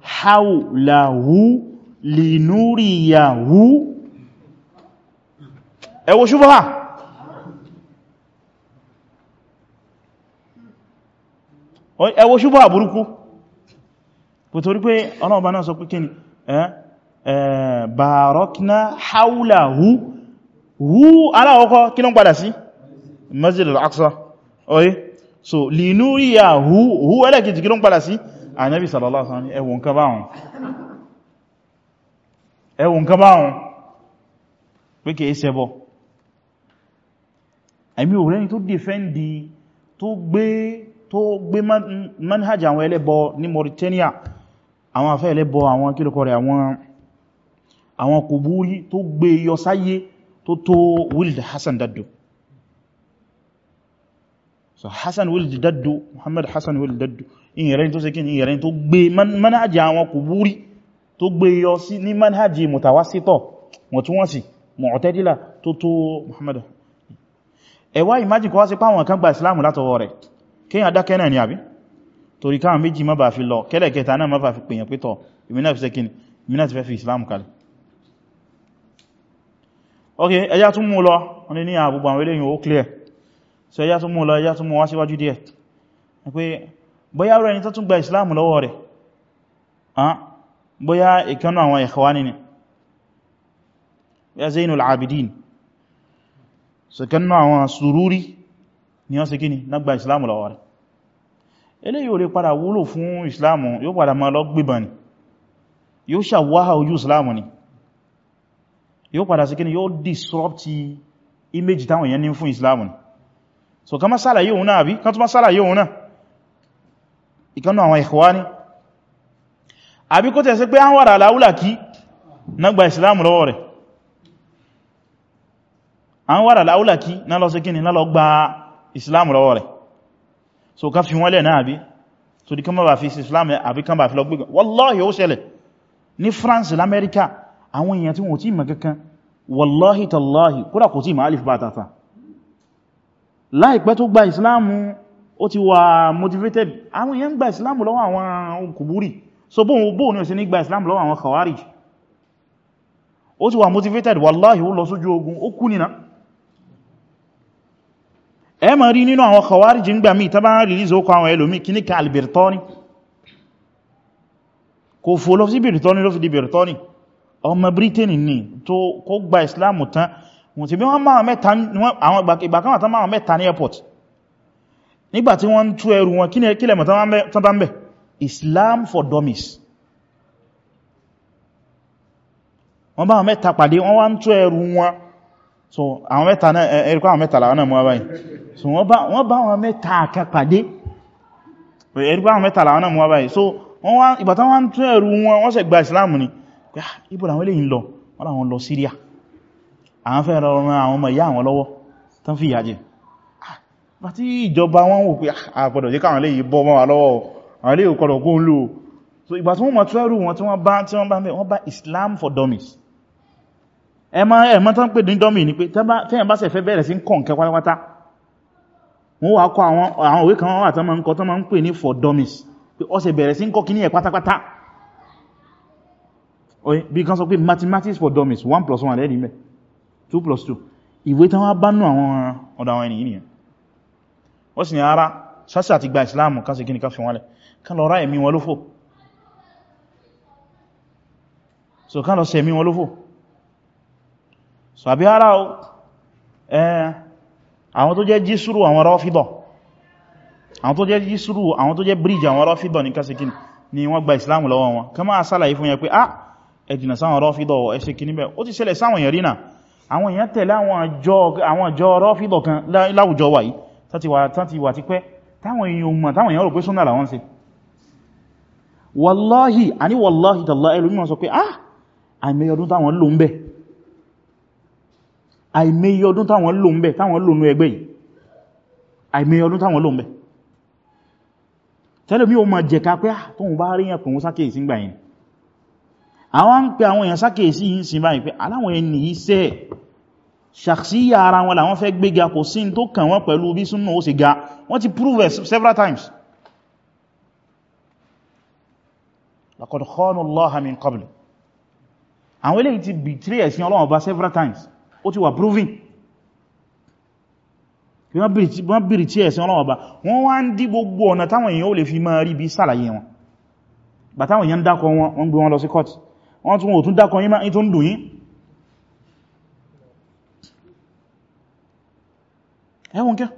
حوله لنريه ẹwọ ṣubọ́ha ẹwọ ṣubọ́ha burúkú pẹ̀tọ̀rí pé ọlọ́ọ̀bá náà sọ pé kí ni bàárọ́kínà haúlà hú hú kí ló ń padà sí masjid al-aqsa oye so linuriya hu hu ẹlẹ́kejì kí ló ń padà sí ànábì sallallahu alaihi wasallam ẹ wo nǹkan báhùn ẹ wo nǹkan báhùn pé kìí ṣẹbọ ẹ̀mí òrẹ́ni tó dìfẹ́ndì tó gbé tó gbé manhaj àwọn ẹlẹ́bọ ní Mauritania àwọn afẹ́ ẹlẹ́bọ àwọn kílùkọ rẹ̀ àwọn kòbúrí tó gbé yọ sáyé tó tó Wild Hassan Dadu so hassan wil daddu muhammad hassan wil daddu ìyẹ̀rẹ́ni tó sekin ìyẹ̀rẹ́ni tó gbé manhaji àwọn kùbúrí tó gbé yọ sí ní manhaji mutawasitọ̀ wọ̀túnwọ̀sí mu'tadila tó tó muhammad ẹwà ìmájì kọwàá sí páwọn kan gba islamu látọwọ́ rẹ̀ kíyàn dákẹ́ náà ni àbí torí káwọn méjì má bàá fi lọ kẹ́lẹ̀kẹta náà má bàá fi pèyàn pétọ̀ ìmìnà fi sekin ìmìnà ti fẹ́ fi islamu kalẹ̀ ok ẹjá tún mú lọ wọn ni ní àbúgbà àwọn eléyìn clear so ya tún mú lọ ya tún mú wá síwájú díẹ̀ pé bóyá rẹ̀ ní tó gba islam lọ́wọ́ rẹ̀ bóyá ìkanú àwọn ikhwani ni ya zainul abidin so kanú àwọn sururi ni wọ́n ṣe ni, na gba islam lọ́wọ́ rẹ̀ eléyìí ò lè padà wúlò fún islam yóò padà máa lọ gbìbọn ni yóò ṣàwáhà ojú islam ni yóò padà sí kíni yóò disrupt image táwọn èèyàn ní fún islam ni so kan ma ṣàlàyé òun náà àbí kan tún ma ṣàlàyé òun náà ìkanú àwọn ikhwani àbí kó tẹ̀sí pé Anwar al-Awlaki na gba ìsìlámù lọ́wọ́ rẹ̀ Anwar al-Awlaki na lọ sí kíni na lọ gba ìsìlámù lọ́wọ́ rẹ̀ so kan fi wọ́n lẹ̀ náà àbí so di kan ba fi ìsìlámù àbí kan ba fi lọ gbígan wallahi ó ṣẹlẹ̀ ní France l'Amẹ́ríkà àwọn èèyàn tí wọ́n ti mọ̀ kankan wallahi tallahi kúrà kò tí ma alif bá tata láìpẹ́ tó gba ìsìláàmù ó ti wà motivated àwọn èèyàn gba ìsìláàmù lọ́wọ́ àwọn kùbúrì so bóhun bóhun ní ó sì ní gba ìsìláàmù lọ́wọ́ àwọn khawarij ó ti wà motivated wallahi ó lọ sójú ogun ó kú nìna ẹ ma rí nínú àwọn khawarij ń gbà míì tàbá release ó kọ àwọn ẹlòmí kí ní ka albirtoni kò fò lọ sí birtoni ló fi di birtoni ọmọ Britain ni tó kó gba ìsìláàmù tán wọ́n ti bí wọ́n máa mẹ́ta àwọn ìgbàkan àtà máa mẹ́ta ní airport nígbàtí wọ́n ń tú ẹrù wọn kí ní kílẹ̀ mọ̀ tán bá ń bẹ̀ Islam for dummies wọ́n bá mẹ́ta pàdé wọ́n wá ń tú ẹrù wọn so àwọn mẹ́ta náà ẹ̀rùkú àwọn mẹ́ta làwọn náà mú wáyìí so wọ́n bá wọn mẹ́ta àkà pàdé ẹ̀rùkú àwọn mẹ́ta làwọn náà mú wáyìí so ìgbàtán wọ́n ń tú ẹrù wọn wọ́n ṣe gba Islam ni pé ah ibo làwọn eléyìí ń lọ wọ́n làwọn lọ Syria àwọn fẹ́ rọ ọmọ àwọn ọmọ ìyá àwọn lọ́wọ́ tán fi ìyà jẹ ah, bá tí ìjọba wọn wò pé àpọ̀dọ̀ ah, jẹ́ káwọn lè yìí bọ́ wọn lọ́wọ́ àwọn lè kọ̀rọ̀ kó ń lò so ìgbà tí wọ́n mọ̀ tẹ́rù wọn tí wọ́n bá tí wọ́n bá mẹ́ wọ́n bá Islam for dummies ẹmọ ẹmọ tán pè ní dummy ni pé tẹ́yìn bá sẹ̀ fẹ́ bẹ̀rẹ̀ sí kàn kẹ́ pátápátá wọ́n wá kọ àwọn òwe kan wà tán máa ń kọ pè ní for dummies pé ó ṣe bẹ̀rẹ̀ sí kọ́ kí ní ẹ̀ pátápátá bí kan sọ pé mathematics for dummies 1 plus 1 lẹ́ni mẹ́ 2 plus 2 ìwé tán wá bá nù àwọn ọ̀dọ̀ àwọn ènìyàn wọ́n sì ní ara sásì àti gba ìsìláàmù kásì kí ní ká fi wọ́n lẹ̀ ká lọ rá ẹ̀mí wọn lófò so ká lọ sí ẹ̀mí wọn lófò so àbí ara o àwọn tó jẹ́ jísúrù àwọn rọ́fídọ̀ àwọn tó jẹ́ jísúrù àwọn tó jẹ́ bíríjì àwọn rọ́fídọ̀ ní kásì kí ni wọ́n gba ìsìláàmù lọ́wọ́ wọn ká máa sálàyé fún yẹn pé ah ẹ̀jìnà sáwọn rọ́fídọ̀ ẹ̀ṣẹ́ kí níbẹ̀ ó ti ṣẹlẹ̀ sáwọn yẹ̀rí náà àwọn èèyàn tẹ̀lé àwọn àjọ rọ́fídọ̀ kan láwùjọ wà yìí tàti wà ti pẹ́ táwọn èèyàn mọ̀ táwọn èèyàn rò pé súnà làwọn ṣe wallahi àní wallahi tàlá ẹlòmí sọ pé ah àìmẹ́yẹ ọdún táwọn lò ń bẹ̀ àìmẹ́yẹ ọdún táwọn lò ń bẹ̀ táwọn lò ń ẹgbẹ́ yìí àìmẹ́yẹ ọdún táwọn lò ń bẹ̀ tẹ́lòmí ó máa jẹ̀ka pé ah tóun bá rí yẹn pẹ̀wọ́n sákèé sí gbà àwọn ń pe àwọn èèyàn sákèèsí yìí sí báyìí pé aláwọn ẹni iṣẹ́ ṣàksíyà ara wọn làwọn fẹ́ gbéga kò sí tó kàn wọ́n pẹ̀lú bí súnmọ̀ ó sì ga wọ́n ti prove it several times laqad khanu Allaha min qabl àwọn eléyìí ti betray ẹ̀sìn Ọlọ́run bá several times ó ti wà proving wọ́n bìrì tí ẹ̀sìn Ọlọ́run bá wọ́n wá ń dí gbogbo ọ̀nà táwọn èèyàn ó lè fi máa rí bí sàlàyé wọn bàtàwọn èèyàn dákọ wọn wọ́n gbé wọn lọ sí kọ́tù wọ́n tún wọ́n tún dákan yí máa tún dùn yí ẹwọ́n kẹ́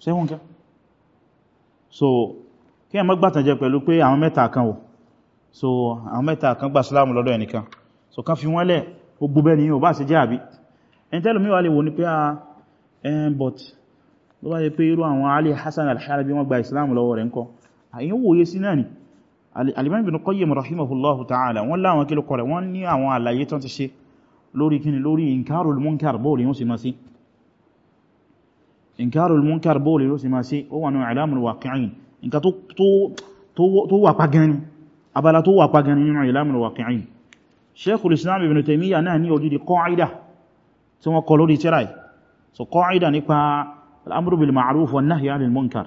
so ẹwọ́n kẹ́ so kí ẹ má gbàtànjẹ pẹ̀lú pé àwọn mẹ́ta kan wò so àwọn mẹ́ta kan gbà sílámù lọ́dọ̀ ẹnìkan so kan fi wọ́n lẹ̀ gbogbo bẹ́ni yóò bá ṣe jẹ́ àbí ẹni ah, eh, but ló bá yẹ pé Ali Hasan al-Halabi wọ́n gba ìsìlámù lọ́wọ́ rẹ̀ ń kọ́ ni Al-Imam Ibn Qayyim rahimahullahu ta'ala wọ́n láwọn kí ló kọ̀rẹ̀ wọ́n ní àwọn àlàyé tán ti ṣe lórí kíni lórí inkarul munkar bóòlì yóò sì máa sí inkarul munkar bóòlì yóò sì máa sí ó wà ní I'lamul Waqi'in nǹkan tó wà pagani abala tó wà pagani nínú I'lamul Waqi'in Sheikhul Islam Ibn Taymiyyah náà ní odidi qa'ida tí wọ́n kọ lórí tíráì so qa'ida nípa al bil ma'ruf wa nahy anil munkar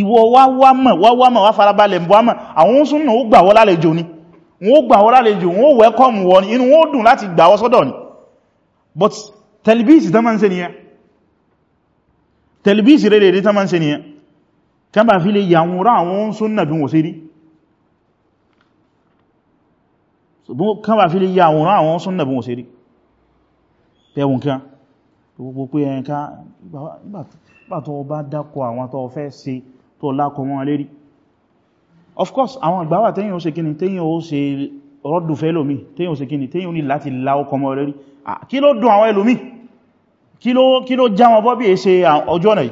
ìwọ wá wá mọ̀ wá wá mọ̀ wá farabalẹ̀ mbọ́ mọ̀ àwọn oúnṣùn náà ó gbà wọ́n lálejò ni wọ́n ó gbà wọ́n lálejò wọ́n ó wẹ́kọ́mù wọ́n ni inú wọ́n dùn láti gbà sọ́dọ̀ ni but telebisi tán máa ń ṣe nìyẹn telebisi rẹ̀ rẹ̀ tán máa ń ṣe nìyẹn kán bá fi lè yàwòrán àwọn oúnṣùn náà bí wọ́n ṣe rí kán bá fi lè yàwòrán àwọn oúnṣùn náà bí wọ́n ṣe rí tẹ́wùn kan gbogbo pé ẹ̀yẹn ká nígbà tó bá dákọ̀ àwọn tó fẹ́ ṣe tó lákọ wọn lérí of course àwọn àgbàwà tẹ́yìn ó ṣe kíni tẹ́yìn ó ṣe rọ́dù fẹ́ lómi tẹ́yìn ó ṣe kíni tẹ́yìn ó ní láti lá ọkọ mọ́ lérí kí ló dùn àwọn ẹlòmí kí ló já wọn bọ́ bí èṣe ọjọ́ náà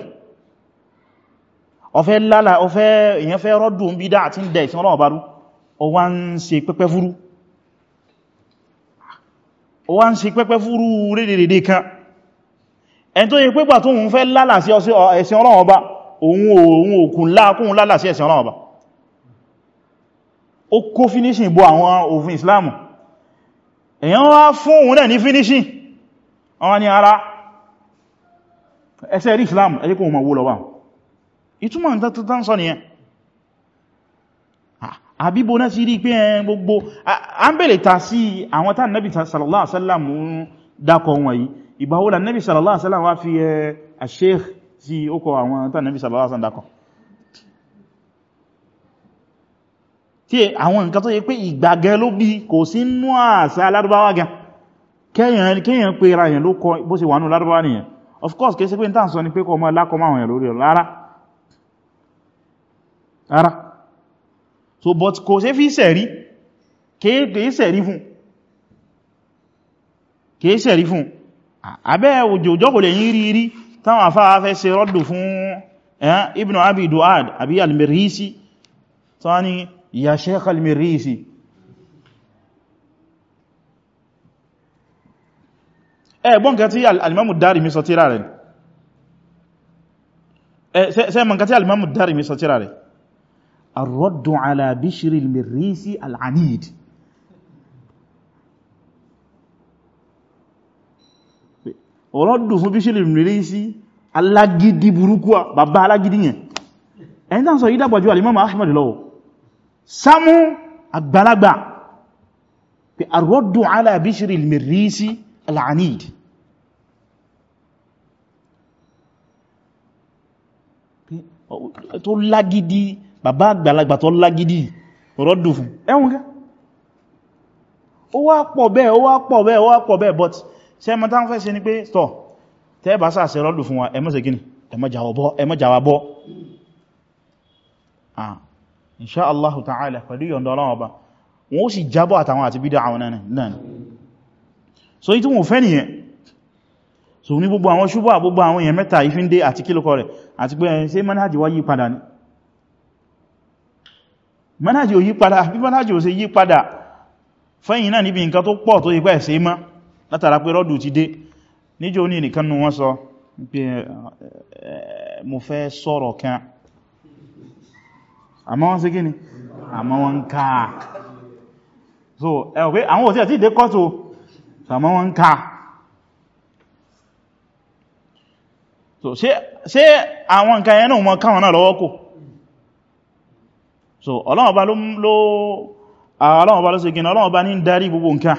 ọfẹ́ lálà ọfẹ́ èyàn fẹ́ rọ́dù ń bí dá àti ń dẹ̀ ìsìn ọlọ́wọ̀ barú ọwá ń ṣe pẹ́pẹ́ fúrú ọwá ń ṣe pẹ́pẹ́ fúrú rédèrèdè pẹ́gbà tó ń fẹ́ lálà sí ẹ̀sìn ọlọ́wọ̀ bá òun òun òkun láàkún lálàsí ẹ̀sìn ọlọ́wọ́ bá ó kó finishing bó àwọn òfin islamu èyàn wá fún òun náà ní finishing àwọn ni ara ẹsẹ̀ rí islam ẹjẹ́ kó ma wó lọ bá ìtumọ̀ tán sọ nìyẹn àbíbo náà sí rí pé ẹn gbogbo a ń bèèrè ta sí àwọn tán nẹ́bì sallallahu alaihi wasallam dákọ̀ wọ̀nyí ìgbà wo la nẹ́bì sallallahu alaihi wasallam wá fi ẹ̀ Sheikh sí ókọ àwọn tánàbí sàbáwà sàndakọ̀ tí àwọn nǹkan tó yẹ pé ìgbàgẹ́ ló bí kò sí nú àṣà lárúbáwá gan kéèyàn pé ra èyàn ló kọ bó ṣe wà nú lárúbáwá nìyàn of course kìí ṣe pé tàà sọ ní pé kọ mọ́ lákọ máa wọ̀nyàn lórí rárá rárá so but kò ṣe fi sẹ̀rí kìí sẹ̀rí fún rí táwọn afáwà fẹ́ ṣe rọ́dù fún ibn abi duad àbí almirisi tó ní ya sheikh almirisi ẹgbọ́n kan tí alimamu dari mi sọ tíra rẹ̀ ṣe mọ̀ kan tí alimamu dari mi tíra rẹ̀ arọ́dù ala almirisi al'anid rọ́dù fún bí ṣílì mìírí sí alágídí burúkú bàbá alágídí yẹn ẹni tán sọ yí dàgbàjú alimọ́mà ahmad lọ́wọ́ sámú àgbàlagbà pé àrọ́dù ala bí ṣílì mìírí sí al'anid tó lágídí bàbá àgbàlagbà tó lágídí rọ́dù fún ẹwọ́n ká ó wá pọ̀ bẹ́ẹ̀ ó wá pọ̀ bẹ́ẹ̀ ó wá pọ̀ bẹ́ẹ̀ but ṣe mọ́ táwọn fẹ́ ṣe ní pé stọ̀ tẹ́ bá sáà ṣe rọ́lù fún wa ẹ má ṣe ah insha Allah ta'ala pẹ̀lú yọ̀ndọ̀ ọlọ́wọ́ ba wọ́n ó sì jábọ́ àtàwọn àti so yí tí wọ́n fẹ́ so ní gbogbo awọn ṣubọ́ àgbogbo àwọn èèyàn mẹ́ta ìfín dé ati padà o yi padà fẹ́yìn náà níbi nǹkan tó pọ̀ tó látara pé rọ́dù ti dé níjọ́ ní nìkan nù wọ́n sọ pé eh, mo fẹ́ sọ̀rọ̀ kan àmọ́ wọ́n sí kí ni àmọ́ wọ́n ń ká so ẹ wò pé àwọn òsì àti ìdé kọ́tò àmọ́ wọ́n ń ká so ṣe àwọn nǹkan ẹ̀nà wọn káwọn náà lọ́wọ́ kò so ọlọ́wọ́ bá ló ọlọ́wọ́ bá ló ṣe gina ọlọ́wọ́ bá ní darí gbogbo nǹkan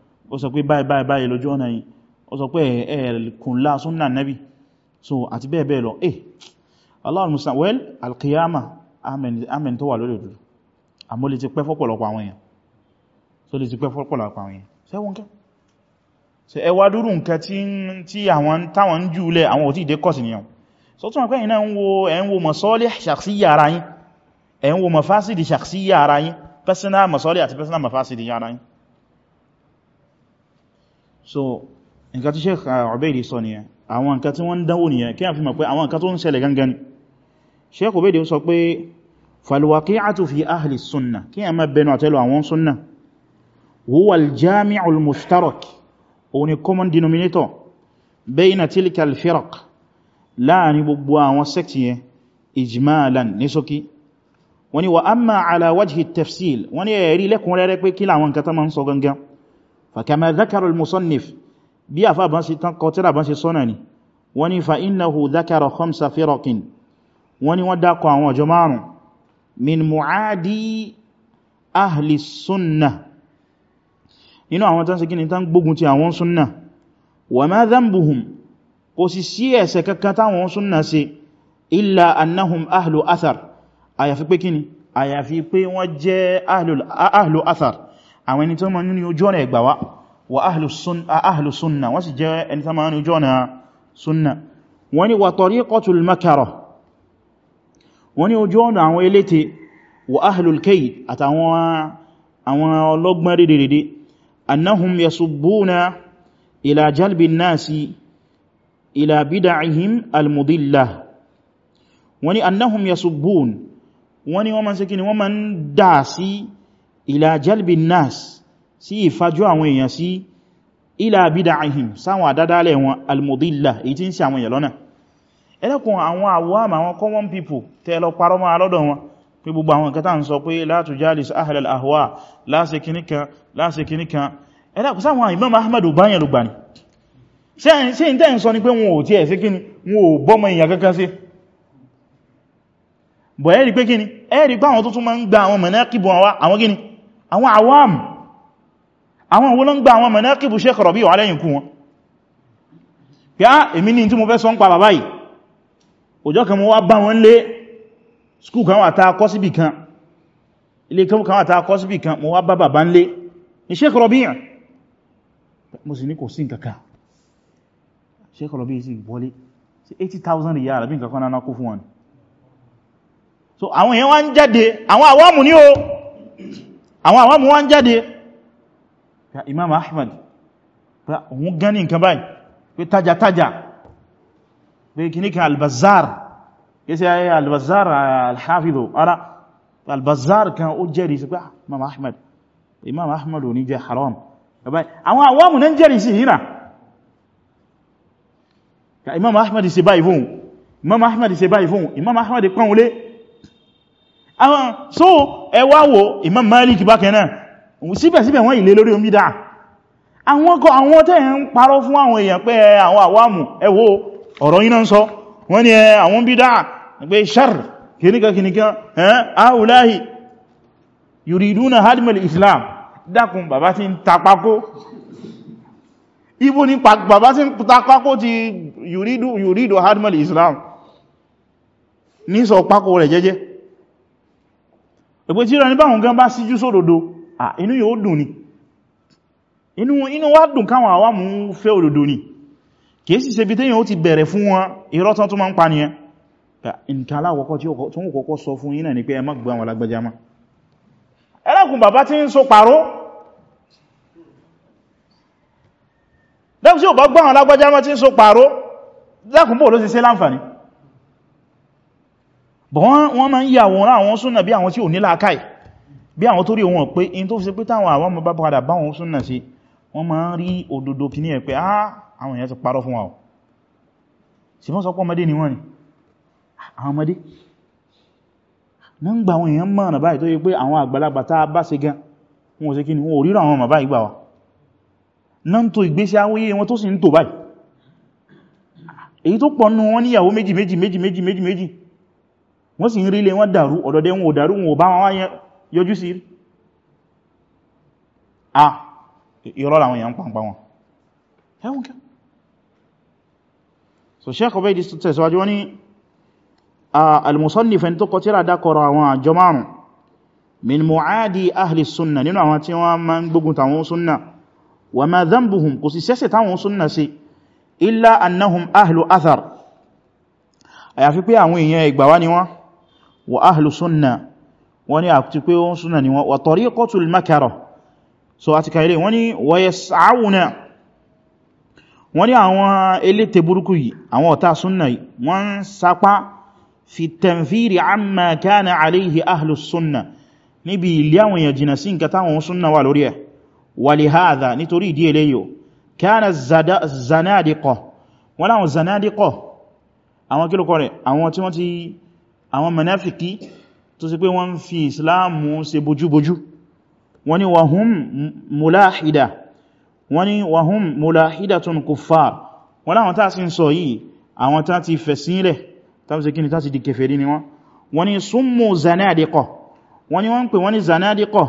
ó sọ pé báyìí báyìí báyìí lójú ọ̀nà yìí ó sọ pé ẹ̀ẹ̀kùnlá súnnà nẹ́bì so àti bẹ́ẹ̀ bẹ́ẹ̀ lọ eh well alkiyama amen tó wà lórí òdúdú àmọ́ lè ti so lè ti pẹ́ fọ́pọ̀lọpọ̀ àwọn èèyàn sẹ́wọ́n kẹ́ so ẹwà dúró nǹkan tí àwọn táwọn ń jù lẹ so tún àpẹ́ ìná ẹ̀ ń wo masalih shakhsiyya ara yín ẹ̀ ń wo mafásìdì shakhsiyya ara yín so nǹkan tí Sheikh uh, Ubaydi sọ nìyẹn àwọn nǹkan tí wọ́n ń dánwò nìyẹn kí a fi mọ̀ pé àwọn nǹkan tó ń ṣẹlẹ̀ gangan ni Sheikh Ubaydi sọ pé falwaqi'atu fi ahli sunna kí a má bẹnu àtẹ́lù àwọn sunna huwa al-jami'ul mushtarak òun ni common denominator bayna tilka al-firaq láàrin gbogbo àwọn sect yẹn ijmalan ní ṣókí wọ́n wa amma ala wajhi tafsil wọ́n ni ẹ̀rí lẹ́kùnrẹ́rẹ́ pé kí làwọn nǹkan tó máa ń sọ gangan فكما ذكر المصنف بي أفا بانسي قوتر بانسي صناني وني فإنه ذكر خمس فرق وني وداقوا وجمعنا من معادي أهل السنة nínú àwọn tán sí kí ni tán gbógun ti àwọn súnnà wa ma dhanbuhum kò sì sí ẹ̀ṣẹ̀ kankan táwọn súnnà ṣe illa annahum ahlu athar àyàfi pé kí ni àyàfi pé wọ́n jẹ́ ahlu athar àwọn ẹni tó ma ní ojú ọ̀nà ẹgbà wá wà ahlu sunna wọ́n sì jẹ́ ẹni tó ma ní ojú ọ̀nà sunna wọ́n ni wà tariqatul makara wọ́n ni ojú ọ̀nà àwọn eléte wà ahlul kayd àtàwọn àwọn ọlọ́gbọ́n dédédé annahum yasubbuna ila jalbi nas sí ìfajú àwọn èèyàn sí ila bida'ihim sáwọn àdádálẹ̀ wọn almudilla èyí tí ń ṣì àwọn èèyàn lọ́nà ẹlẹ́kùn àwọn àwọ́mà àwọn common people tẹ́ lọ parọ́ mọ́ alọ́dọ̀ wọn pé gbogbo àwọn kẹta ń sọ pé la tujalis ahlal ahwa láṣe kìníkan láṣe kìníkan ẹlẹ́kùn sáwọn Imam Ahmad báyẹ̀ lùgbà ni ṣe ń tẹ́ ń sọ ni pé wọn ò àwọn àwọ́m àwọn wo ló ń gba àwọn manaqibu Sheikh Rabi' wà lẹ́yìn kú wọn yá èmi ní tí mo fẹ́ sọ ń pa bàbá yìí òjò kan mo wá bá wọn lé skúù kan wà ta kọ́ síbì kan ilé kan wà ta kọ́ síbì kan mo wá bá bàbá lé ní Sheikh Rabi' mo sì ní kò sí nǹkankan Sheikh Rabi' sì wọlé sí 80,000 riyal àbí nǹkankan náà kó fún wọn so àwọn èèyàn wá ń jáde àwọn àwọ́mù ní o àwọn àwọn wọ́n jáde ya imam ahmad pé òun gan ní nǹkan báyìí pé tajataja pé kìní kan albazar kìí ayé eh, albazar eh, alhafidu ara albazar kan ó jẹ́rì sí pé ah, imam ahmad imam ahmad ò ní jẹ haram àwọn àwọn mú jẹ́rì sí hìnà ka imam ahmad ṣe báyìí fún imam ahmad ṣe báyìí fún imam ahmad pọ́nulé àwọn so ẹwà wo Imam Malik bákanáà síbẹ̀síbẹ̀ wọ́n ilé lórí omi dáa àwọn ọkọ̀ àwọn tẹ́ ń parọ́ fún àwọn èèyàn pé àwọn àwámù ẹwọ́ ọ̀rọ̀ iná ń sọ wọ́n ni àwọn bí dáa pé shar kìníkàkìníkà áhùláhì yuriduna hadmal islam dákun bàbá tí ń tapakó ibo ni bàbá tí ń tapakó ti yuridu yuridu hadmal islam ní sọ pákó rẹ̀ jẹ́jẹ́ ẹgbẹ́ tí ìrọ̀ní báwọn gan bá síjú sódòdó inú yóò dùn ni inú wá dùn káwọn àwa mú fẹ́ òdòdó ni kìí sì ṣe bí tẹ́yìn ó ti bẹ̀rẹ̀ fún wọn irọ́ tán tó máa ń pa nìyẹn nǹkan aláwọ̀kọ́ tí ó kọ́kọ́ sọ fún yín náà ni pé ẹ má gbọ́ àwọn alágbàjá má ẹlẹ́kùn bàbá tí ń so pàró dẹ́kùn sí ò bá gbọ́ àwọn alágbàjá má tí ń so pàró dẹ́kùn bóò ló ti ṣe láǹfàní wọ́n ma ń yà wọ́n rá àwọn súnnà bí àwọn tí ò ní làákàì bí àwọn tó rí wọn pé in tó fi sí pé táwọn àwọn ọmọ bá padà bá wọn súnnà sí wọ́n ma ń rí òdodo kì ní ẹ̀ pé ah, àwọn èèyàn ti parọ́ fún wa o sì fún sọpọ̀ ọmọdé ni wọ́n ni àwọn ọmọdé na ń gba àwọn èèyàn mọ̀nà báyìí tó yẹ pé a bá ṣe gan wọn ò sí kí ni wọn ò ríra àwọn ọmọ báyìí gbà wa na ń to ìgbésí awóyé wọn tó sì ń tò báyìí èyí tó pọ̀ nù wọn níyàwó méjì méjì méjì wọ́n sì ń rí ilé wọ́n dàrú ọ̀dọ̀dẹ́ wọn ò dàrú wọn ò bá wọn wáyẹ yọjú sí rí à ìrọ́ làwọn èèyàn pàǹpà wọn ẹwùn kẹ́ so Shaykh Ubayd tó tẹ̀síwájú wọ́n ní al-musannif tó kọ tírà dákọrọ àwọn àjọ márùn min mu'adi ahli sunna nínú àwọn tí wọ́n máa ń gbógun tàwọn sunna wa ma dhanbuhum kò sì sẹ́sẹ̀ táwọn sunna sí illa annahum ahlu athar àyàfi pé àwọn èèyàn ìgbàwá ni wọ́n wa ahlu sunna wọ́n ní àti pé wọ́n súnà ni wọ́n wa tariqatul makara so àti kàílẹ̀ wọ́n ní wa yas'awna wọ́n ní àwọn elétè burúkú yìí àwọn ọ̀tá súnà yìí wọ́n sapá fi tanfiri amma kana alayhi ahlu sunna níbi ilé àwọn èèyàn jìnà sí nǹkan táwọn súnà wà lórí ẹ̀ wa nítorí ìdí eléyò kana zanadiqah wọ́n láwọn zanadiqah àwọn kílùkọ́ rẹ̀ àwọn tí wọ́n ti àwọn mùnáfìkí tó sì pé wọ́n ń fi ìsìláàmù ṣe bojúbojú wọ́n ni wahum mulahida wọ́n ni wahum mulahidatun kuffar wọ́n láwọn tàà sí ń sọ yìí àwọn tàà ti fẹ̀sílẹ̀ tàbí sí kí ni tàà ti di kèfèrí ni wọ́n wọ́n ni summu zanadiqa wọ́n ni wọ́n ni zanadiqa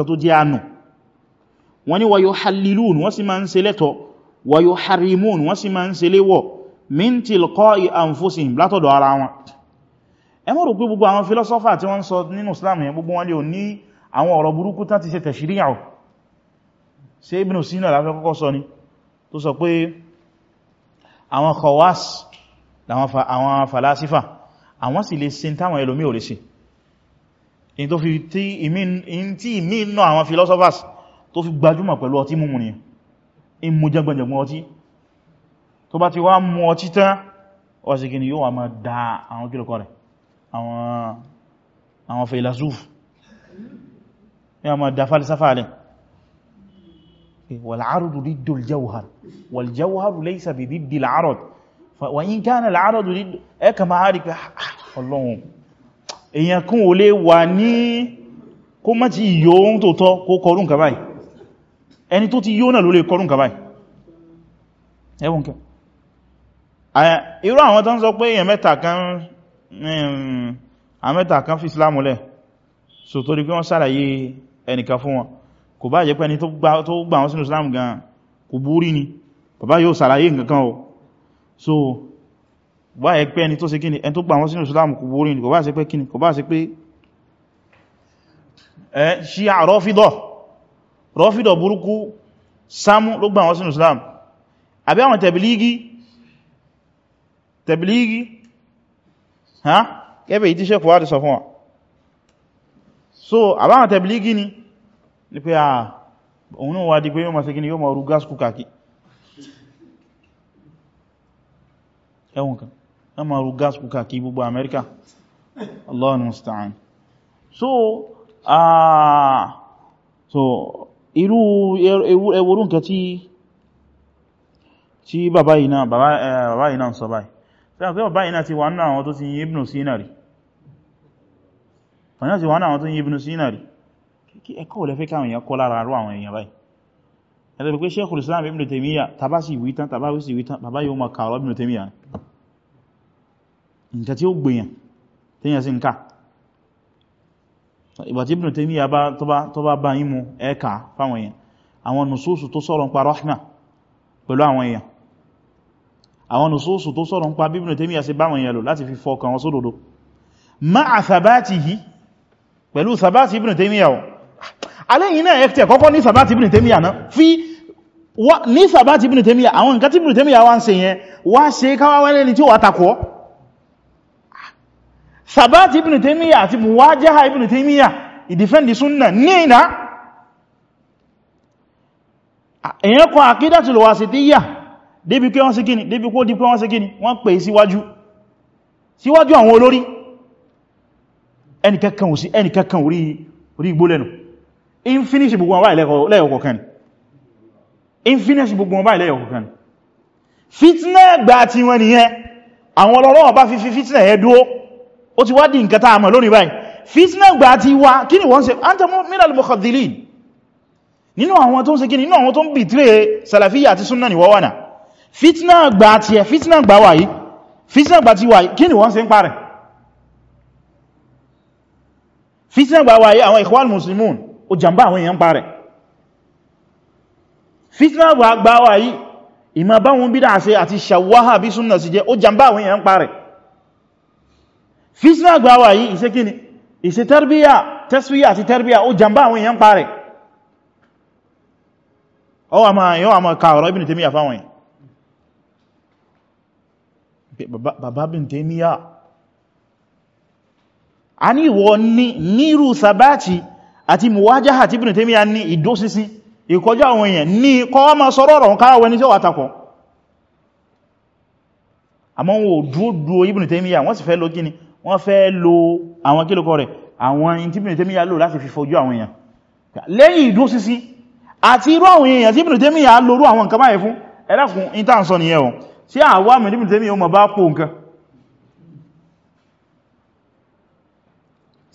li wọ́n ní wayo hallilun wọ́n sì máa ń ṣe lẹ́tọ̀ wayo harimun wọ́n sì máa ń ṣe léwọ̀ min tilqa'i anfusihim látọ̀dọ̀ ara wọn ẹ mọ́ rò pé gbogbo àwọn filosofa tí wọ́n sọ nínú Islam yẹn gbogbo wọn lè ní àwọn ọ̀rọ̀ burúkú tán ti ṣe tashri'u ṣe Ibn àwọn khawas tó fi gbajúmọ̀ pẹ̀lú ọtí múmu ni in mú jẹgbẹ̀jẹ̀gbọ́n ọtí tó bá ti wá mú ọtí tán ọ̀sìnkì ni yóò wà máa dá àwọn kílùkọ́ rẹ̀ àwọn fèlàsúf yóò máa dá falisafa rẹ̀ wàl'arùdù dídò jẹ́wàr wàl'jẹ́wàr lẹ́sà bí dídì l'árọ̀d wà yí kánà l'árọ̀d èyàn kún ò lè wà ní kó mọ́ ti yóò tó tọ́ kó kọrún kàbáyìí ẹni tó ti yóò náà ló lè kọrún kàbáyì ẹwùn kẹ irú àwọn tó ń sọ pé èyàn mẹ́ta kan àwọn mẹ́ta kan fi islamu lẹ̀ so torí pé wọ́n sàlàyé ẹnìkan fún wọn kò bá jẹ́ pé ẹni tó gbà wọn sínú islamu gan kò búrí ni bàbá yóò sàlàyé nǹkan o so bá yẹ pé ẹni tó ṣe kíni ẹni tó gbà wọn sínú islamu kò búrí ni kò bá ṣe pé kíni kò bá ṣe pé ẹ ṣí àrọ́fídọ̀ rọ́fídọ̀ burúkú sámú ló gbà wọ́n sínú islam àbí àwọn tẹ̀bìlígí tẹ̀bìlígí ha ẹbẹ̀ ìtí sẹ́kù wá ti sọ fún wa so àbí àwọn tẹ̀bìlígí ni ní pé àà òun náà wá di pé yóò ma sẹ́kì ni yóò ma rú gas kúkà kí ẹwùn kan wọ́n ma rú gas kúkà kí gbogbo amẹ́ríkà Allahu musta'an so ah so irú ẹwọ́rún er-, nǹkan tí tí bàbá iná bàbá iná eh, ń sọ báyìí fẹ́ràn bàbá iná ti wà náà àwọn tó ti yí Ibn ti wà náà àwọn tó yí Ibn Sina kí ẹkọ́ ka káwọn èèyàn kọ́ lára àrọ àwọn èèyàn báyìí ẹ̀tọ́ pé Sheikhul ìbàtí Ibn Taymiyyah tó bá bá yí mú ẹ́ẹ̀kà fáwọn èèyàn àwọn nùsùsù tó sọ̀rọ̀ ń pa rahma pẹ̀lú àwọn èèyàn àwọn nùsùsù tó sọ̀rọ̀ ń pa bí Ibn Taymiyyah ṣe báwọn èèyàn lò láti fi fọkàn wọn sódòdó ma'a thabatihi pẹ̀lú thabati Ibn Taymiyyah alẹ́yìn náà ẹ̀kẹ́ kọ́kọ́ ní thabati Ibn Taymiyyah náà fi ní thabati Ibn Taymiyyah àwọn nǹkan tí sabati ibn taymiya àti muwajaha ibn taymiya ìdífẹ́ndì súnnà ní ìná èyàn kan àkídàtul wasitiyya débi pé wọ́n sí kíni débi kó dípé wọ́n sí kíni wọ́n pè síwájú síwájú àwọn olórí ẹnìkẹ́kàn ò sí ẹnìkẹ́kàn orí igbó lẹ́nu infinish gbogbo wọn báyìí lẹ́yọ̀kọ̀kan infinish gbogbo wọn báyìí lẹ́yọ̀kọ̀kan fitna gbà tí wọ́n nìyẹn àwọn ọlọ́rọ̀ bá fi fi fitna yẹ ó ti wá di nǹkan tá a mọ̀ lónìí báyìí fitna gbà ti wá kí ni wọ́n ṣe anta minal mukhadhilin nínú àwọn tó ń ṣe kí nínú àwọn tó ń bìtírẹ̀ salafiyya àti súnnà ni wọ́n wà náà fitna gbà ti ẹ̀ fitna gbà wà yìí fitna gbà ti wà kí ni wọ́n ṣe ń parẹ̀ fitna gbà wà àwọn ikhwal fitna gbáwà yìí ìṣe kíni ìṣe tẹ́rbíyà tẹ́síwíyà àti tẹ́rbíyà ó jàmbá àwọn èèyàn parẹ̀ ọwọ́ àmà yọ́ àmà kààrọ̀ Ibn Taymiyyah fáwọn yìí bàbá Ibn Taymiyyah a ní ìwọ niru sabati ati muwajaha àti Ibn Taymiyyah ní ìdósísí ìkọjá àwọn èèyàn ní kọ́ ma sọ̀rọ̀ ọ̀rọ̀ káwọ́ ẹni tí ó wàtakọ̀ àmọ́ wọn ò dúó dúó Ibn Taymiyyah wọ́n sì fẹ́ lọ gíní wọ́n fẹ́ lo àwọn kílòkọ rẹ̀ àwọn ìtìbìnrin tẹ́míyà lò láti fi fojú àwọn èèyàn lẹ́yìn ìdó sísí àti irú àwọn èèyàn tí ìbìnrin tẹ́míyà lòrú àwọn nǹkan báyìí fún ẹ̀rẹ́kùn ìtànsọ nìyẹn o sí àwọn àmì ìbìnrin tẹ́míyà mọ̀ bá pò nǹkan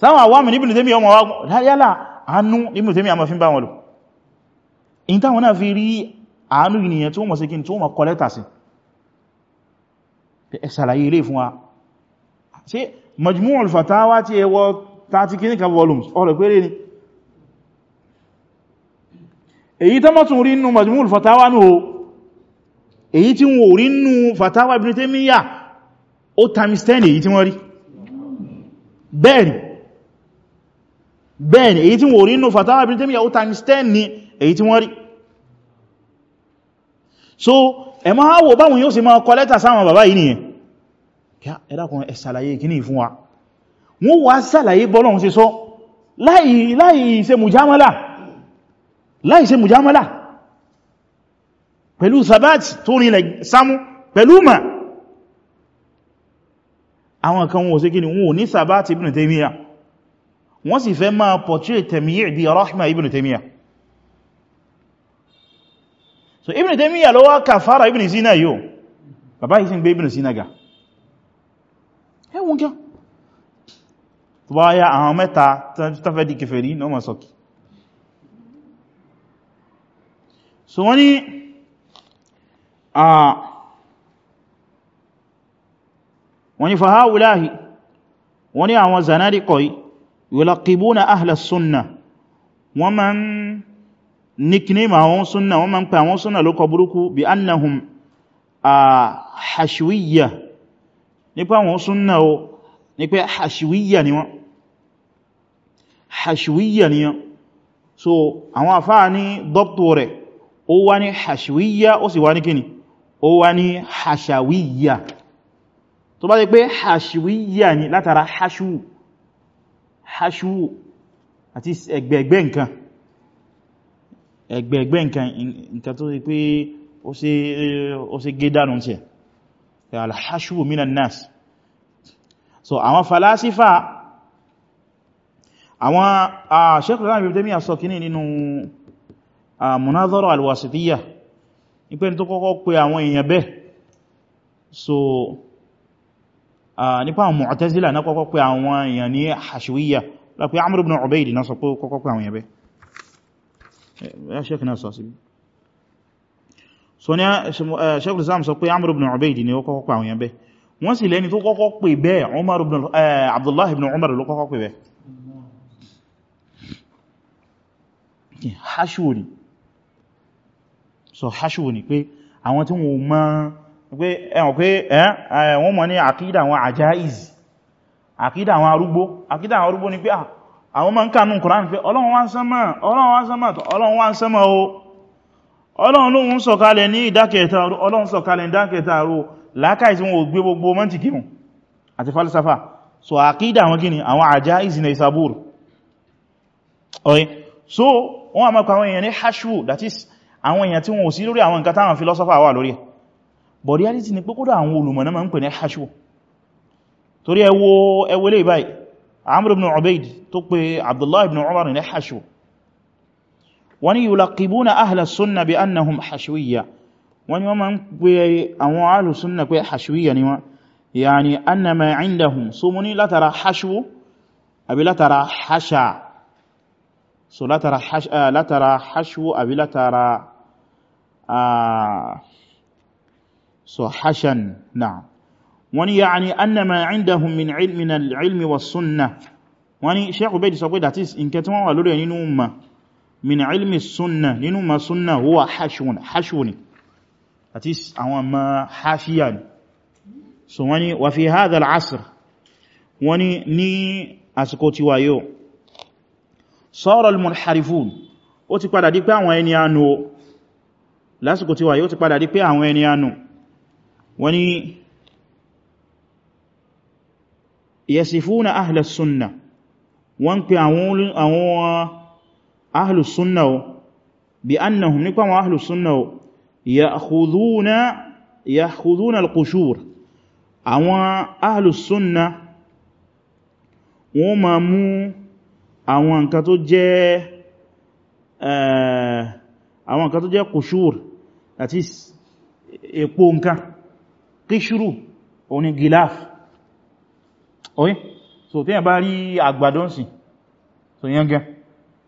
sáwọn àwọn àmì ìbìnrin tẹ́míyà mọ̀ wá yálà àánú ìbìnrin tẹ́míyà mọ̀ fi ń bá wọn lò in táwọn náà fi rí àánú ènìyàn tí wọ́n mọ̀ sí kí ni tí wọ́n mọ̀ kọ́lẹ́tà sí ẹ ṣàlàyé ilé fún wa sí majmu'ul fatawa tí ẹwọ 30 kìníkà volumes ọ̀rọ̀ péré ni èyí tó mọ́tún rí nínú majmu'ul fatawa ní o èyí tí wọ́n rí nínú fatawa Ibn Taymiyyah ó times 10 èyí tí wọ́n rí bẹ́ẹ̀ni bẹ́ẹ̀ni èyí tí wọ́n rí nínú fatawa Ibn Taymiyyah ó times 10 èyí tí wọ́n rí so ẹ̀mọ́ àwọ̀ báwọn yóò sì máa kọ lẹ́tà sáwọn bàbá yìí ẹ dákun ẹ ṣàlàyé kíní fún wa wọ́n wá ṣàlàyé bọ́lọ́run ṣe sọ láì láì ṣe mùjámọ́lá láì ṣe mùjámọ́lá pẹ̀lú sabati tó rinlẹ̀ sámú pẹ̀lú ma àwọn kan wọ́n ṣe kíní wọ́n ní sabati ibn Taymiyyah wọ́n sì fẹ́ máa portray Taymiyyah bí ibn Taymiyyah so ibn Taymiyyah ló wá kàfàrà ibn Sina yóò bàbá yìí sì ẹwùn kí tó bá yá àwọn mẹ́ta tó fẹ́ di kèfèrí náà ma sọ́kì so wọ́n ni wọ́n ni fahawulahi wọ́n ni àwọn zanadikọ̀ yulaqibuna ahla sunna wọ́n ma ń nickname àwọn sunna wọ́n ma ń pè àwọn sunna lókọ burúkú bí annahum a hashwiyya nípa àwọn súnnà o ní pé hashwiyya ni wọ́n hashwiyya ni wọ́n so àwọn àfáà ní dọ́pù rẹ̀ ó wá ní hashwiyya ó sì wá ní kíni ó wá ní hashawiyya tó bá ti pé hashwiyya ni látara hashu hashu àti ẹgbẹ̀ẹ̀gbẹ̀ nǹkan ẹgbẹ̀ẹ̀gbẹ̀ nǹkan tó ti pé ó ṣe gẹ́dánù tí ẹ̀ alhashu minan nas so àwọn falasifa àwọn Sheikhul Islam Ibn Taymiyyah sọ kìíní nínú munazara alwasitiyya nípé tó kọ́kọ́ pé àwọn èèyàn bẹ́ so nípa àwọn Mu'tazila na kọ́kọ́ pé àwọn èèyàn ní hashuwiyya lápé Amr ibn Ubayd na sọ kọ́kọ́ pé àwọn èèyàn bẹ́ so ní eh, eh, Shaykhul Islam sọ pé Amr ibn Ubayd ni ó kọ́kọ́ pa àwọn yẹn bẹ́ wọ́n sì lẹ́ni tó kọ́kọ́ pè bẹ́ẹ̀ eh, Abdullah ibn Umar ló kọ́kọ́ pè bẹ́ẹ̀ hashuri so hashuri pé àwọn tí wọ́n mọ̀ pé ẹ̀wọ̀n pé wọ́n mọ̀ ní àkídà àwọn àjáìz àkídà àwọn arúgbó àkídà àwọn arúgbó ni pé ah, àwọn mọ̀ ń kà nù Kùránì pé Ọlọ́run wá ń sánmà Ọlọ́run wá ń sánmà o ọlọ́run lóhun sọ̀kalẹ̀ ní ìdákẹta ọlọ́run sọ̀kalẹ̀ ìdákẹta àrò lákàí tí wọ́n gbé gbogbo mọ́ntìkì mù àti falsafa so àkídà àwọn gini àwọn àjá ìzìnà ìsàbúr ọ̀yẹ́ so wọ́n a mọ́kọ àwọn èèyàn ní hashwu that is àwọn èèyàn tí wọ́n ò sí lórí àwọn nǹkan táwọn filosofa wà lórí but reality ni pé kódà àwọn olùmọ̀ náà ń pè ní hashwu torí ẹwọ ẹwọ lè báyìí Amr ibn Ubayd tó pe Abdullah ibn Umar ní hashwu wọ́n ni yulaqibuna ahla sunna bi annahum hashwiyya wọ́n ni wọ́n ma ń ahlu sunna pé hashwiyya ni yani anna ma indahum so mo ní látara hashwu àbí látara hasha so látara hasha látara hashwu àbí látara so hashan na'am wọ́n ni yani anna ma indahum min ilmin al-ilmi wa sunnah wani ni sheikh ubaydi sọ pé that is nǹkan tí wọ́n wà lórí nínú ummah min ilmi sunna nínú ma sunna huwa hashwun hashwuni àti àwọn ma hashiya ni so wani wa fi hadha al'asr wani ní àsìkò tí wayo sara al-munharifun ó ti padà di pé àwọn ẹni anu o lásìkò tí wayo ó ti padà di pé àwọn ẹni anu wani yasifuna ahla sunna wọ́n pè àwọn àwọn ahlùsúnnà o bí annahum nípa wọn ahlùsúnnà o ya'khudhuna al-qushur àwọn ahlùsúnnà wọ́n ma mú àwọn nǹkan tó jẹ́ eh, àwọn nǹkan tó jẹ́ qushur àti èpo nǹkan kíṣùrù òní gilaf oye so tí ẹ̀ bá rí àgbàdọ́nsìn so yẹn gan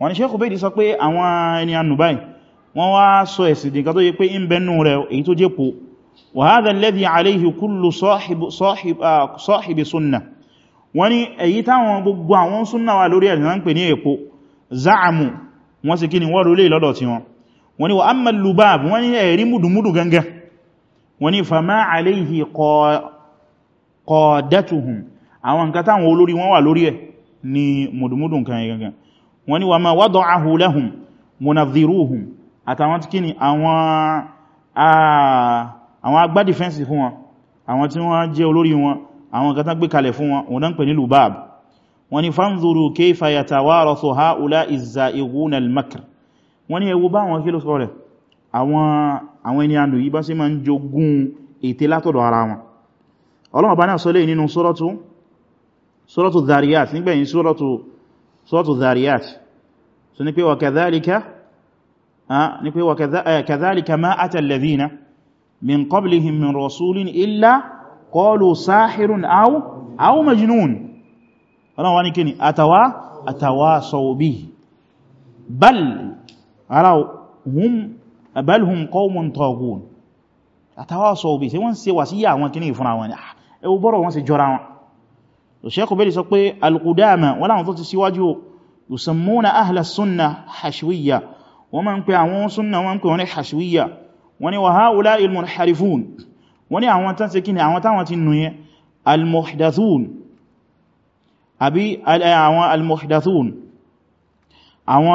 wọ́n ni Sheikh Ubaydi sọ pé àwọn ẹni anùbáyì wọ́n wá sọ ẹ̀sìn dìkan tó yẹ pé in bẹnu rẹ̀ èyí tó jẹ́ po wa hadha alladhi alayhi kullu ah, sahibi sunna wọ́n ni èyí táwọn gbogbo àwọn sunna wà lórí ẹ̀sìn ni wọ́n rólé lọ́dọ̀ gangan wọ́n ni wà máa wada'ahu lahum munadhiruhum àtàwọn tí kíni àwọn agbá dìfẹ́nsì fún wọn àwọn tí wọ́n jẹ́ olórí wọn àwọn kan tán gbé kalẹ̀ fún wọn òun náà pè ní lubab wọ́n ni fanzuru kayfa yatawarathu ha'ula'i az-za'ighuna al-makr wọ́n ni ewu bá wọn kí ló sọ rẹ̀ àwọn ẹni ànù yí bá sí máa ń jogún ète látọ̀dọ̀ ara wọn ọlọ́wọ́ náà sọ lẹ́yìn nínú suratu suratu nígbẹ̀yìn suratu sọ́tù zariyat so ní pé wa kadhalika ní pé wa eh, kadhalika ma ata alladhina min qablihim min rasulin illa qalu sahirun aw aw majnun ọ̀nà wani kini atawa atawasaw bihi bal ara hum bal hum qawmun taghun atawasaw bihi ṣé wọ́n ṣe wasiya àwọn kini fún àwọn ẹwọ bọ́rọ̀ wọ́n ṣe jọra wọn Sheikh Ubaydi sọ pé al-Qudama wọ́n láwọn tó ti síwájú yusammuna ahla sunna hashwiyya wọ́n ma ń pè àwọn sunna wọ́n ń pè wọ́n ní hashwiyya wọ́n ni wa ha'ula'i al-munharifun wọ́n ni àwọn tán sekí ni àwọn táwọn ti nù yẹn al-muhdathun àbí àwọn al-muhdathun àwọn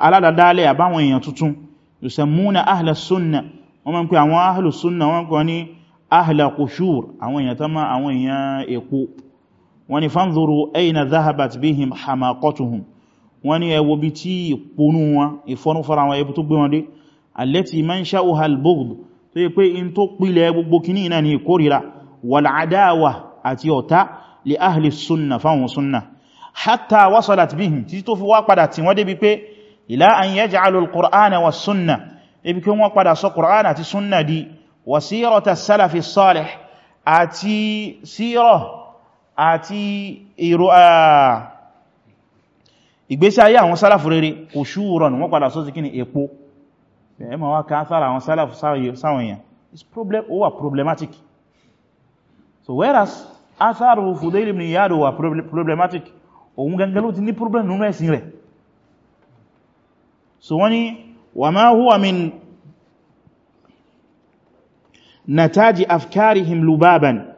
aládàdálẹ̀ wọ́n ní fanzuru aina zahabat bihim hamaqatuhum wọ́n ní ẹwọ bí tí ìpónú wọn ìfọ́nú fara wọn ẹbú tó gbé wọn dé alẹ́tì man sha'uha al-bughd tó yẹ pé in tó pìlẹ̀ gbogbo kìíní iná ní ìkórira wal àti ọ̀tá li ahli sunna àti èrò ìgbésí ayé àwọn sálàfù rere kò ṣúurọ̀ ní wọ́n padà sọ́sí kí ni epo ẹ ma wá ká sára àwọn sálàfù sáwọn èèyàn it's problem ó wà problematic so whereas atharu Fudayl ibn Iyad wà problematic òun gangan ló ti ní problem nínú ẹ̀sìn rẹ̀ so wọ́n ni wa ma huwa min afkari him lubaban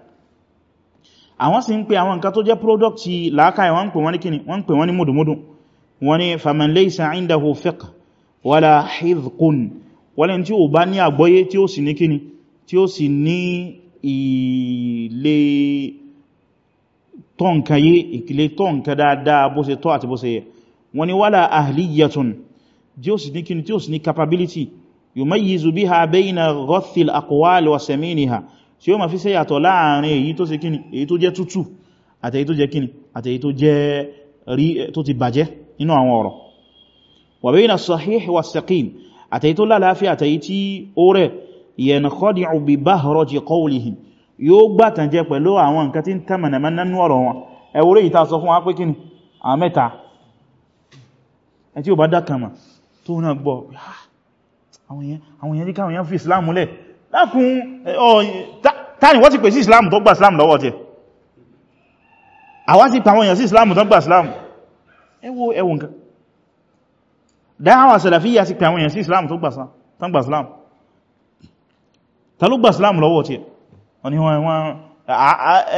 àwọn sì ń pè àwọn nǹkan tó jẹ́ product làákàyè wọ́n ń pè wọ́n ní kíni wọ́n ń pè wọ́n ní mùdùmùdù wọ́n ní faman laysa indahu fiqh wala hidhqun wọ́n lẹ́n tí ó bá ní àgbọ́yé tí ó sì ní kíni tí ó sì ní ilé tọ́nkayé ìkìlé tọ́nka dáadáa bó ṣe tọ́ àti bó ṣe yẹ wọ́n ní wala ahliyatun tí ó sì ní kíni tí ó sì ní capability yumayyizu biha bayna ghathil aqwal wa saminiha tí ó ma fi ṣe yàtọ̀ láàrin èyí tó ṣe kíni èyí tó jẹ́ tútù àti èyí tó jẹ́ kíni àti èyí tó jẹ́ rí tó ti bàjẹ́ nínú àwọn ọ̀rọ̀ wa bayna as-sahih was-saqim àti èyí tó lálàáfíà àti èyí tí ó rẹ̀ yankhadi'u bi bahraji qawlihim yóò gbàtàn jẹ pẹ̀lú àwọn nǹkan tí ń tẹ́mẹ̀nẹ̀mẹ́ lákùn tàní wọ́n ti pè sí islam tó gbà islam lọ́wọ́ tẹ́ àwa ti pàwọn èèyàn sí islam tó gbà islam ẹ wo ẹ wo nǹkan dáhàwà sàlàfíyà ti pàwọn èèyàn sí islam tó gbà islam ta ló gbà islam lọ́wọ́ tẹ́ ni wọ́n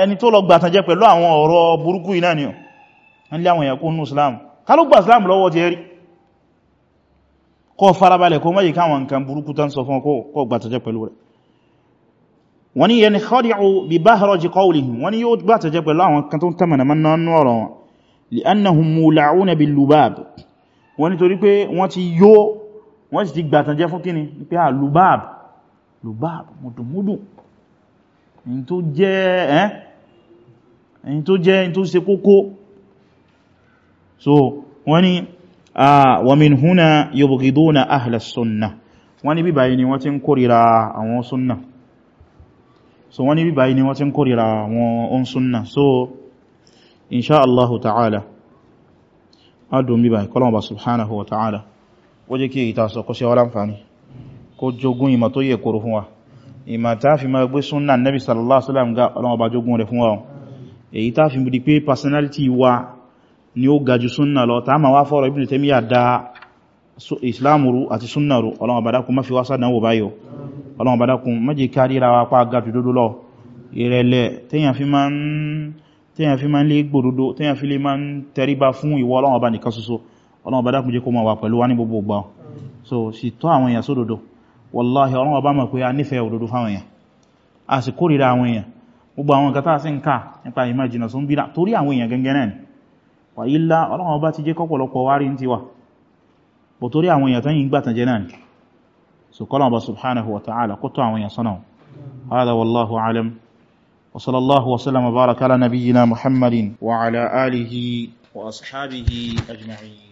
ẹni tó lọ gbàtàn jẹ́ pẹ̀lú àwọn ọ̀rọ̀ burúkú iná ni wọ́n lé àwọn èèyàn kó nú islam ta ló gbà islam lọ́wọ́ tẹ́ rí kó farabalẹ̀ kó mẹ́yìí káwọn nǹkan burúkú tán wọ́n ni yẹni khadi'u bí bahraji qawlihim wọ́n ni yóò gbá tẹ́jẹ́ pẹ̀lú àwọn kan tó ń tẹ́mọ̀nà mọ́nà nínú ọ̀rọ̀ wọn li'annahum mula'una bil lubab wọ́n ni torí pé wọ́n ti yó wọ́n ti gbà tẹ́jẹ́ fún kíni pé à ah, lubab lubab mùdùmùdù wọ́n ni ah, wa ni wọ́n ti ń kórìíra àwọn sunnah so wọ́n ní bí báyìí ni wọ́n ti ń kórìíra àwọn on sunna so insha allahu ta'ala adùn bí báyìí kọ́lọ̀wọ́ bá subhanahu wa ta'ala ó jẹ́ kí ìta sọ kó ṣe wá láǹfààní kó jogun ìmọ̀ tó yẹ kóró fún wa ìmọ̀ tá fi máa gbé sunna nabi sallallahu alaihi wasallam ga personality wa ni ó gajù sunna lọ ta ma wá islamuru àti sunnaru ọlọ́wọ̀n bàdákun má fi wá sádánwò báyọ̀ ọlọ́wọ̀n bàdákun má jẹ́ kárí ra wa pa gàjù dúdú lọ ìrẹ̀lẹ̀ tẹ́yàn fi máa ń lé gbòdúdó tẹ́yàn fi lè máa ń tẹríba fún ìwọ ọlọ́wọ̀n so sì tọ́ àwọn èèyàn sódòdó wallahi ọlọ́wọ̀n bá mọ̀ pé a nífẹ̀ẹ́ òdòdó fáwọn èèyàn a sì kórìíra àwọn èèyàn gbogbo àwọn nǹkan tá a sì ń kà nípa ìmọ̀ ìjìnà sún bí torí bá ti jẹ́ kọ́pọ̀lọpọ̀ wárí ń ti wà bọ̀ torí àwọn èèyàn tán yìí gbàtàn jẹ́ náà ni so kọ́lọ̀mọ̀bá subhanahu wa ta'ala kó tó àwọn èèyàn sọ́nà hada wallahu alam wa sallallahu wa baraka ala nabiyyina muhammadin wa ala alihi wa ashabihi ajma'in